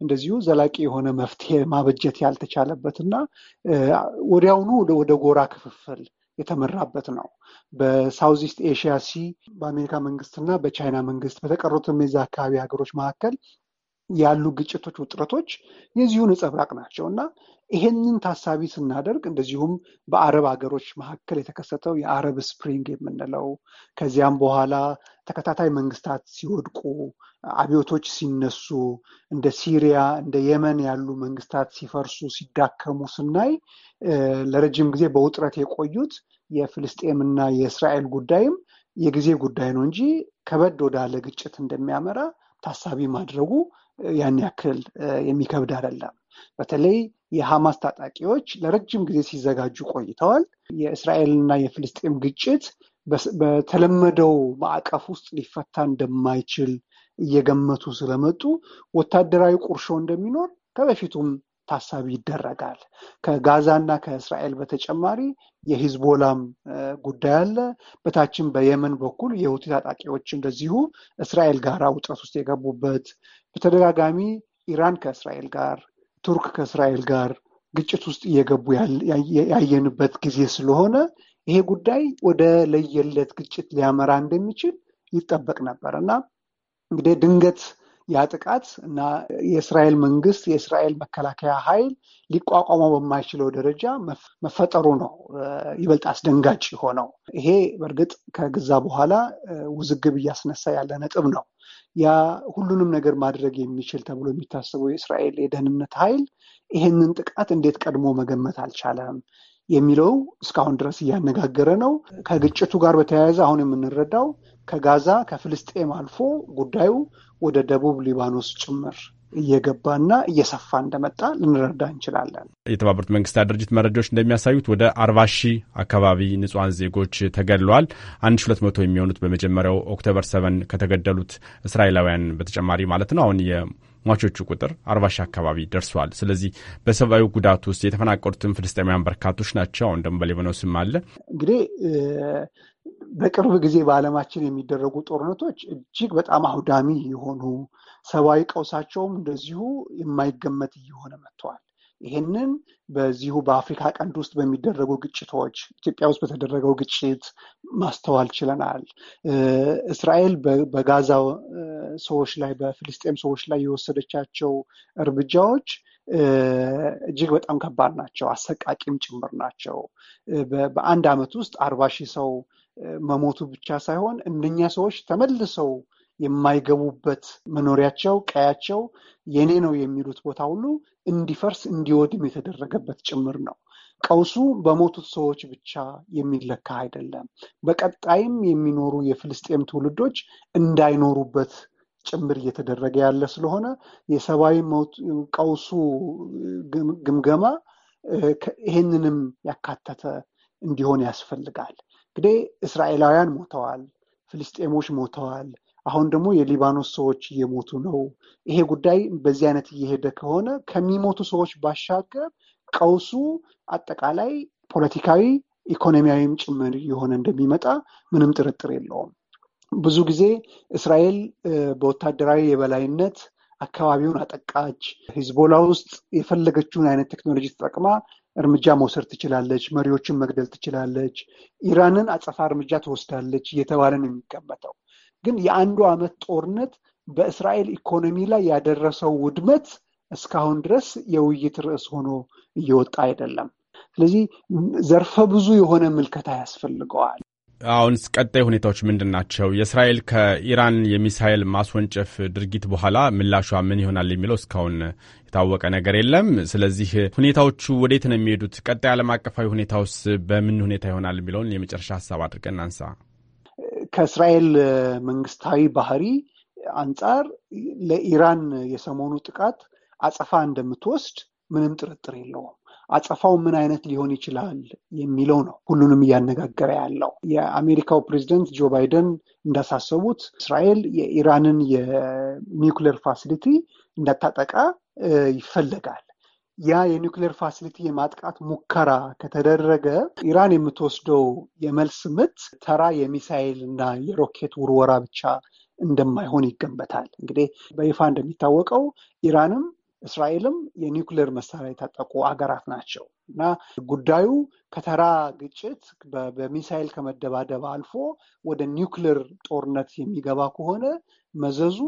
እንደዚሁ ዘላቂ የሆነ መፍትሄ ማበጀት ያልተቻለበት እና ወዲያውኑ ወደ ጎራ ክፍፍል የተመራበት ነው። በሳውዝ ኤሽያ ሲ በአሜሪካ መንግስትና በቻይና መንግስት በተቀሩትም የዛ አካባቢ ሀገሮች መካከል ያሉ ግጭቶች፣ ውጥረቶች የዚሁ ነጸብራቅ ናቸው እና ይሄንን ታሳቢ ስናደርግ እንደዚሁም በአረብ ሀገሮች መካከል የተከሰተው የአረብ ስፕሪንግ የምንለው ከዚያም በኋላ ተከታታይ መንግስታት ሲወድቁ፣ አብዮቶች ሲነሱ፣ እንደ ሲሪያ እንደ የመን ያሉ መንግስታት ሲፈርሱ ሲዳከሙ ስናይ ለረጅም ጊዜ በውጥረት የቆዩት የፍልስጤምና የእስራኤል ጉዳይም የጊዜ ጉዳይ ነው እንጂ ከበድ ወዳለ ግጭት እንደሚያመራ ታሳቢ ማድረጉ ያን ያክል የሚከብድ አይደለም። በተለይ የሐማስ ታጣቂዎች ለረጅም ጊዜ ሲዘጋጁ ቆይተዋል። የእስራኤልና የፍልስጤም ግጭት በተለመደው ማዕቀፍ ውስጥ ሊፈታ እንደማይችል እየገመቱ ስለመጡ ወታደራዊ ቁርሾ እንደሚኖር ከበፊቱም ታሳቢ ይደረጋል። ከጋዛና ከእስራኤል በተጨማሪ የሂዝቦላም ጉዳይ አለ። በታችም በየመን በኩል የሁቲ ታጣቂዎች እንደዚሁ እስራኤል ጋር ውጥረት ውስጥ የገቡበት በተደጋጋሚ ኢራን ከእስራኤል ጋር፣ ቱርክ ከእስራኤል ጋር ግጭት ውስጥ እየገቡ ያየንበት ጊዜ ስለሆነ ይሄ ጉዳይ ወደ ለየለት ግጭት ሊያመራ እንደሚችል ይጠበቅ ነበር እና እንግዲህ ድንገት ያ ጥቃት እና የእስራኤል መንግስት የእስራኤል መከላከያ ኃይል ሊቋቋመው በማይችለው ደረጃ መፈጠሩ ነው ይበልጥ አስደንጋጭ የሆነው። ይሄ በእርግጥ ከግዛ በኋላ ውዝግብ እያስነሳ ያለ ነጥብ ነው። ያ ሁሉንም ነገር ማድረግ የሚችል ተብሎ የሚታሰበው የእስራኤል የደህንነት ኃይል ይሄንን ጥቃት እንዴት ቀድሞ መገመት አልቻለም የሚለው እስካሁን ድረስ እያነጋገረ ነው። ከግጭቱ ጋር በተያያዘ አሁን የምንረዳው ከጋዛ ከፍልስጤም አልፎ ጉዳዩ ወደ ደቡብ ሊባኖስ ጭምር እየገባና እየሰፋ እንደመጣ ልንረዳ እንችላለን። የተባበሩት መንግስታት ድርጅት መረጃዎች እንደሚያሳዩት ወደ አርባ ሺህ አካባቢ ንጹሐን ዜጎች ተገድለዋል። አንድ ሺ ሁለት መቶ የሚሆኑት በመጀመሪያው ኦክቶበር ሰቨን ከተገደሉት እስራኤላውያን በተጨማሪ ማለት ነው። አሁን የሟቾቹ ቁጥር አርባ ሺህ አካባቢ ደርሷል። ስለዚህ በሰብአዊ ጉዳት ውስጥ የተፈናቀሉትን ፍልስጤማውያን በርካቶች ናቸው። አሁን ደግሞ በሊባኖስም አለ እንግዲህ በቅርብ ጊዜ በዓለማችን የሚደረጉ ጦርነቶች እጅግ በጣም አውዳሚ የሆኑ ሰብአዊ ቀውሳቸውም እንደዚሁ የማይገመት እየሆነ መጥተዋል። ይህንን በዚሁ በአፍሪካ ቀንድ ውስጥ በሚደረጉ ግጭቶች ኢትዮጵያ ውስጥ በተደረገው ግጭት ማስተዋል ችለናል። እስራኤል በጋዛ ሰዎች ላይ በፍልስጤም ሰዎች ላይ የወሰደቻቸው እርምጃዎች እጅግ በጣም ከባድ ናቸው፣ አሰቃቂም ጭምር ናቸው። በአንድ ዓመት ውስጥ አርባ ሺህ ሰው መሞቱ ብቻ ሳይሆን እነኛ ሰዎች ተመልሰው የማይገቡበት መኖሪያቸው፣ ቀያቸው የኔ ነው የሚሉት ቦታ ሁሉ እንዲፈርስ እንዲወድም የተደረገበት ጭምር ነው። ቀውሱ በሞቱት ሰዎች ብቻ የሚለካ አይደለም። በቀጣይም የሚኖሩ የፍልስጤም ትውልዶች እንዳይኖሩበት ጭምር እየተደረገ ያለ ስለሆነ የሰብአዊ ቀውሱ ግምገማ ይህንንም ያካተተ እንዲሆን ያስፈልጋል። እንግዲህ እስራኤላውያን ሞተዋል፣ ፍልስጤሞች ሞተዋል። አሁን ደግሞ የሊባኖስ ሰዎች እየሞቱ ነው። ይሄ ጉዳይ በዚህ አይነት እየሄደ ከሆነ ከሚሞቱ ሰዎች ባሻገር ቀውሱ አጠቃላይ ፖለቲካዊ፣ ኢኮኖሚያዊም ጭምር የሆነ እንደሚመጣ ምንም ጥርጥር የለውም። ብዙ ጊዜ እስራኤል በወታደራዊ የበላይነት አካባቢውን አጠቃች። ሂዝቦላ ውስጥ የፈለገችውን አይነት ቴክኖሎጂ ተጠቅማ እርምጃ መውሰድ ትችላለች፣ መሪዎችን መግደል ትችላለች፣ ኢራንን አጸፋ እርምጃ ትወስዳለች እየተባለ ነው የሚቀመጠው። ግን የአንዱ ዓመት ጦርነት በእስራኤል ኢኮኖሚ ላይ ያደረሰው ውድመት እስካሁን ድረስ የውይይት ርዕስ ሆኖ እየወጣ አይደለም። ስለዚህ ዘርፈ ብዙ የሆነ ምልከታ ያስፈልገዋል። አሁን ቀጣይ ሁኔታዎች ምንድን ናቸው? የእስራኤል ከኢራን የሚሳይል ማስወንጨፍ ድርጊት በኋላ ምላሿ ምን ይሆናል የሚለው እስካሁን የታወቀ ነገር የለም። ስለዚህ ሁኔታዎቹ ወዴት ነው የሚሄዱት? ቀጣይ ዓለም አቀፋዊ ሁኔታውስ በምን ሁኔታ ይሆናል የሚለውን የመጨረሻ ሀሳብ አድርገን አንሳ። ከእስራኤል መንግስታዊ ባህሪ አንጻር ለኢራን የሰሞኑ ጥቃት አጸፋ እንደምትወስድ ምንም ጥርጥር የለውም። አጸፋው ምን አይነት ሊሆን ይችላል የሚለው ነው ሁሉንም እያነጋገረ ያለው። የአሜሪካው ፕሬዚደንት ጆ ባይደን እንዳሳሰቡት እስራኤል የኢራንን የኒውክሌር ፋሲሊቲ እንዳታጠቃ ይፈለጋል። ያ የኒውክሌር ፋሲሊቲ የማጥቃት ሙከራ ከተደረገ ኢራን የምትወስደው የመልስ ምት ተራ የሚሳይል እና የሮኬት ውርወራ ብቻ እንደማይሆን ይገመታል። እንግዲህ በይፋ እንደሚታወቀው ኢራንም እስራኤልም የኒውክሌር መሳሪያ የታጠቁ አገራት ናቸው እና ጉዳዩ ከተራ ግጭት በሚሳይል ከመደባደብ አልፎ ወደ ኒውክሌር ጦርነት የሚገባ ከሆነ መዘዙ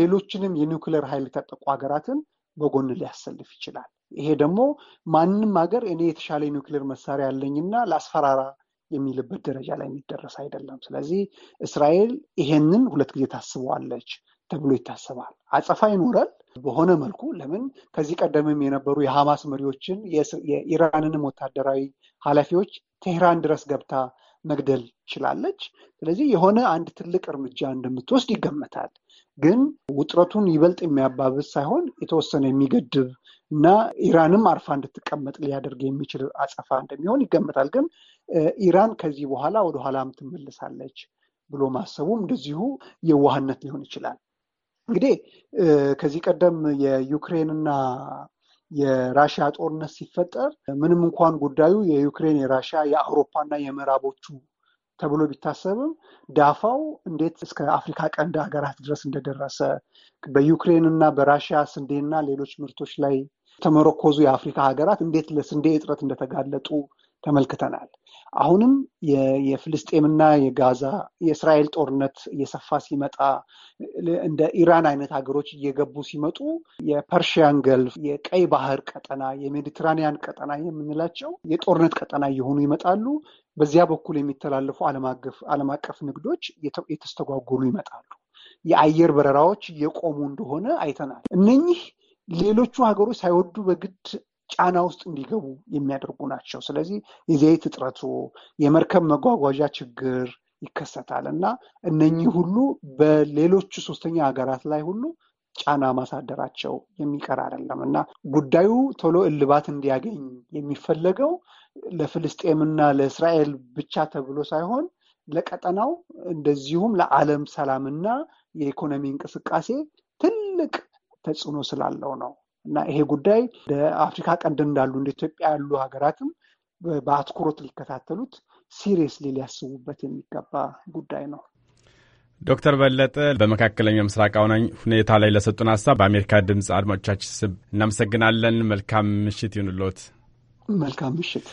ሌሎችንም የኒውክሌር ኃይል የታጠቁ ሀገራትን በጎን ሊያሰልፍ ይችላል። ይሄ ደግሞ ማንም ሀገር እኔ የተሻለ የኒውክሌር መሳሪያ ያለኝና ለአስፈራራ የሚልበት ደረጃ ላይ የሚደረስ አይደለም። ስለዚህ እስራኤል ይሄንን ሁለት ጊዜ ታስበዋለች ተብሎ ይታሰባል። አጸፋ ይኖራል። በሆነ መልኩ ለምን ከዚህ ቀደምም የነበሩ የሐማስ መሪዎችን የኢራንንም ወታደራዊ ኃላፊዎች ቴህራን ድረስ ገብታ መግደል ችላለች። ስለዚህ የሆነ አንድ ትልቅ እርምጃ እንደምትወስድ ይገመታል። ግን ውጥረቱን ይበልጥ የሚያባብስ ሳይሆን የተወሰነ የሚገድብ እና ኢራንም አርፋ እንድትቀመጥ ሊያደርግ የሚችል አጸፋ እንደሚሆን ይገመታል። ግን ኢራን ከዚህ በኋላ ወደኋላም ትመልሳለች ብሎ ማሰቡም እንደዚሁ የዋህነት ሊሆን ይችላል። እንግዲህ ከዚህ ቀደም የዩክሬንና የራሽያ ጦርነት ሲፈጠር ምንም እንኳን ጉዳዩ የዩክሬን የራሽያ የአውሮፓና የምዕራቦቹ ተብሎ ቢታሰብም ዳፋው እንዴት እስከ አፍሪካ ቀንድ ሀገራት ድረስ እንደደረሰ በዩክሬንና በራሽያ ስንዴና ሌሎች ምርቶች ላይ ተመረኮዙ የአፍሪካ ሀገራት እንዴት ለስንዴ እጥረት እንደተጋለጡ ተመልክተናል። አሁንም የፍልስጤምና የጋዛ የእስራኤል ጦርነት እየሰፋ ሲመጣ እንደ ኢራን አይነት ሀገሮች እየገቡ ሲመጡ የፐርሽያን ገልፍ፣ የቀይ ባህር ቀጠና፣ የሜዲትራኒያን ቀጠና የምንላቸው የጦርነት ቀጠና እየሆኑ ይመጣሉ። በዚያ በኩል የሚተላለፉ አለም አቀፍ ንግዶች የተስተጓጎሉ ይመጣሉ። የአየር በረራዎች እየቆሙ እንደሆነ አይተናል። እነኚህ ሌሎቹ ሀገሮች ሳይወዱ በግድ ጫና ውስጥ እንዲገቡ የሚያደርጉ ናቸው። ስለዚህ የዘይት እጥረቱ፣ የመርከብ መጓጓዣ ችግር ይከሰታል እና እነኚህ ሁሉ በሌሎቹ ሶስተኛ ሀገራት ላይ ሁሉ ጫና ማሳደራቸው የሚቀር አይደለም እና ጉዳዩ ቶሎ እልባት እንዲያገኝ የሚፈለገው ለፍልስጤምና ለእስራኤል ብቻ ተብሎ ሳይሆን ለቀጠናው እንደዚሁም ለዓለም ሰላምና የኢኮኖሚ እንቅስቃሴ ትልቅ ተጽዕኖ ስላለው ነው። እና ይሄ ጉዳይ በአፍሪካ ቀንድ እንዳሉ እንደ ኢትዮጵያ ያሉ ሀገራትም በአትኩሮት ሊከታተሉት ሲሪየስሊ ሊያስቡበት የሚገባ ጉዳይ ነው። ዶክተር በለጠ በመካከለኛ ምስራቅ አሁናኝ ሁኔታ ላይ ለሰጡን ሀሳብ በአሜሪካ ድምፅ አድማጮቻችን ስም እናመሰግናለን። መልካም ምሽት ይሁንሎት። መልካም ምሽት።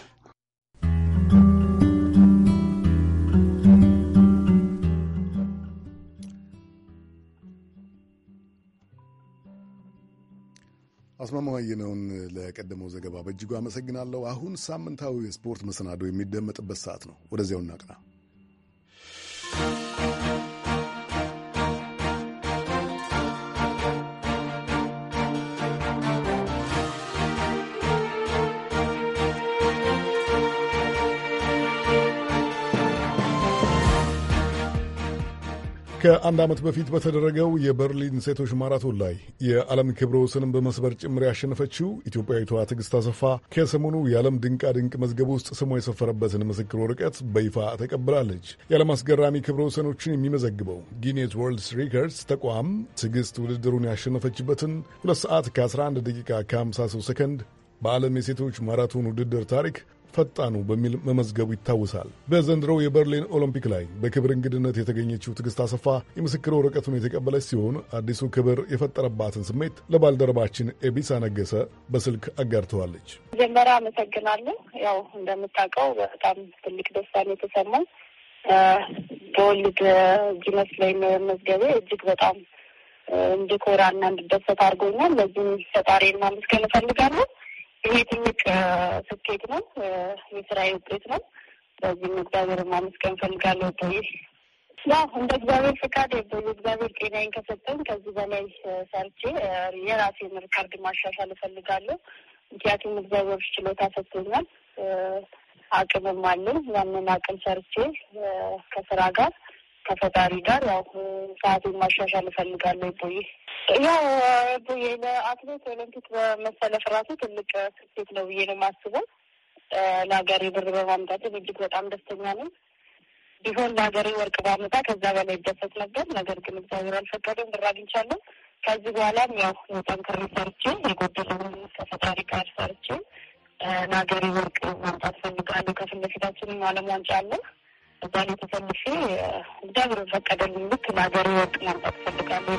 አስማማው የነውን ለቀደመው ዘገባ በእጅጉ አመሰግናለሁ። አሁን ሳምንታዊ የስፖርት መሰናዶ የሚደመጥበት ሰዓት ነው። ወደዚያው እናቅና። ከአንድ ዓመት በፊት በተደረገው የበርሊን ሴቶች ማራቶን ላይ የዓለም ክብረ ወሰንን በመስበር ጭምር ያሸነፈችው ኢትዮጵያዊቷ ትዕግስት አሰፋ ከሰሞኑ የዓለም ድንቃድንቅ መዝገብ ውስጥ ስሟ የሰፈረበትን ምስክር ወረቀት በይፋ ተቀብላለች። የዓለም አስገራሚ ክብረ ወሰኖችን የሚመዘግበው ጊኔስ ወርልድ ሪከርድስ ተቋም ትዕግስት ውድድሩን ያሸነፈችበትን 2 ሰዓት ከ11 ደቂቃ ከ53 ሰከንድ በዓለም የሴቶች ማራቶን ውድድር ታሪክ ፈጣኑ በሚል መመዝገቡ ይታወሳል። በዘንድሮው የበርሊን ኦሎምፒክ ላይ በክብር እንግድነት የተገኘችው ትዕግስት አሰፋ የምስክር ወረቀቱን የተቀበለች ሲሆን አዲሱ ክብር የፈጠረባትን ስሜት ለባልደረባችን ኤቢሳ ነገሰ በስልክ አጋርተዋለች። መጀመሪያ አመሰግናለሁ። ያው እንደምታውቀው በጣም ትልቅ ደስታ ነው የተሰማኝ በወልድ እጅ መስለኝ መዝገቤ እጅግ በጣም እና እንድደሰት አድርጎኛል። ለዚህም ፈጣሪን ማመስገን እፈልጋለሁ። ይሄ ትልቅ ስኬት ነው፣ የስራ ውጤት ነው። በዚህም እግዚአብሔር ማመስገን ፈልጋለሁ። ቆይ ያው እንደ እግዚአብሔር ፍቃድ እግዚአብሔር ጤናዬን ከሰጠኝ ከዚህ በላይ ሰርቼ የራሴን ሪካርድ ማሻሻል እፈልጋለሁ። ምክንያቱም እግዚአብሔር ችሎታ ሰጥቶኛል፣ አቅምም አለኝ። ያንን አቅም ሰርቼ ከስራ ጋር ከፈጣሪ ጋር ያው ሰዓቴን ማሻሻል እፈልጋለሁ። ይቦዬ ያው ቦዬ ለአትሌት ኦሎምፒክ በመሰለፍ ራሱ ትልቅ ስኬት ነው ብዬ ነው የማስበው። ለሀገሬ ብር በማምጣት እጅግ በጣም ደስተኛ ነኝ። ቢሆን ለሀገሬ ወርቅ ባመጣ ከዛ በላይ ይደሰት ነበር። ነገር ግን እግዚአብሔር አልፈቀደም፣ ብር አግኝቻለሁ። ከዚህ በኋላም ያው ጠንክሬ ሰርቼ የጎደለውን ከፈጣሪ ጋር ሰርቼ ለሀገሬ ወርቅ ማምጣት ፈልጋለሁ ከፊት ለፊታችንም ዓለም ዋንጫ አለ። እዛ ነው ተሰልፌ እግዚአብሔር ፈቀደልኝ። ልክ ለሀገሬ ወርቅ ማምጣት ፈልጋለሁ።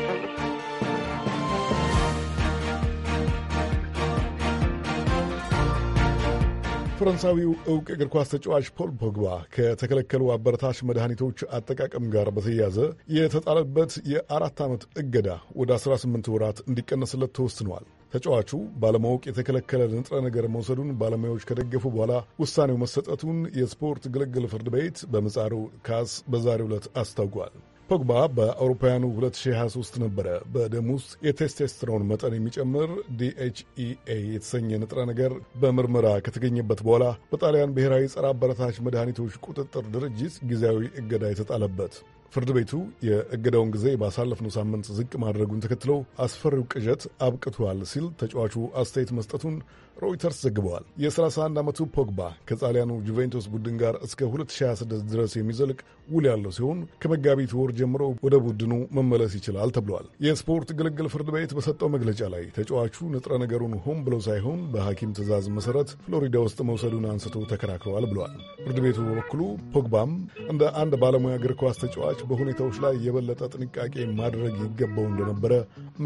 ፈረንሳዊው እውቅ እግር ኳስ ተጫዋች ፖል ፖግባ ከተከለከሉ አበረታች መድኃኒቶች አጠቃቀም ጋር በተያያዘ የተጣለበት የአራት ዓመት እገዳ ወደ 18 ወራት እንዲቀነስለት ተወስኗል። ተጫዋቹ ባለማወቅ የተከለከለ ንጥረ ነገር መውሰዱን ባለሙያዎች ከደገፉ በኋላ ውሳኔው መሰጠቱን የስፖርት ግልግል ፍርድ ቤት በምጻሩ ካስ በዛሬው ዕለት አስታውቋል። ፖግባ በአውሮፓውያኑ 2023 ነበረ በደም ውስጥ የቴስቴስትሮን መጠን የሚጨምር ዲኤችኢኤ የተሰኘ ንጥረ ነገር በምርመራ ከተገኘበት በኋላ በጣሊያን ብሔራዊ ጸረ አበረታች መድኃኒቶች ቁጥጥር ድርጅት ጊዜያዊ እገዳ የተጣለበት። ፍርድ ቤቱ የእገዳውን ጊዜ ባሳለፍነው ሳምንት ዝቅ ማድረጉን ተከትለው አስፈሪው ቅዠት አብቅቷል ሲል ተጫዋቹ አስተያየት መስጠቱን ሮይተርስ ዘግበዋል። የ31 ዓመቱ ፖግባ ከጣሊያኑ ጁቬንቱስ ቡድን ጋር እስከ 2026 ድረስ የሚዘልቅ ውል ያለው ሲሆን ከመጋቢት ወር ጀምሮ ወደ ቡድኑ መመለስ ይችላል ተብሏል። የስፖርት ግልግል ፍርድ ቤት በሰጠው መግለጫ ላይ ተጫዋቹ ንጥረ ነገሩን ሆን ብሎ ሳይሆን በሐኪም ትዕዛዝ መሠረት ፍሎሪዳ ውስጥ መውሰዱን አንስቶ ተከራክረዋል ብሏል። ፍርድ ቤቱ በበኩሉ ፖግባም እንደ አንድ ባለሙያ እግር ኳስ ተጫዋች በሁኔታዎች ላይ የበለጠ ጥንቃቄ ማድረግ ይገባው እንደነበረ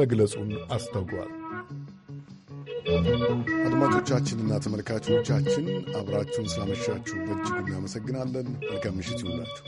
መግለጹን አስታውቀዋል። አድማጮቻችንና ተመልካቾቻችን አብራችሁን ስላመሻችሁ በእጅጉ እናመሰግናለን። መልካም ምሽት ይሁንላችሁ።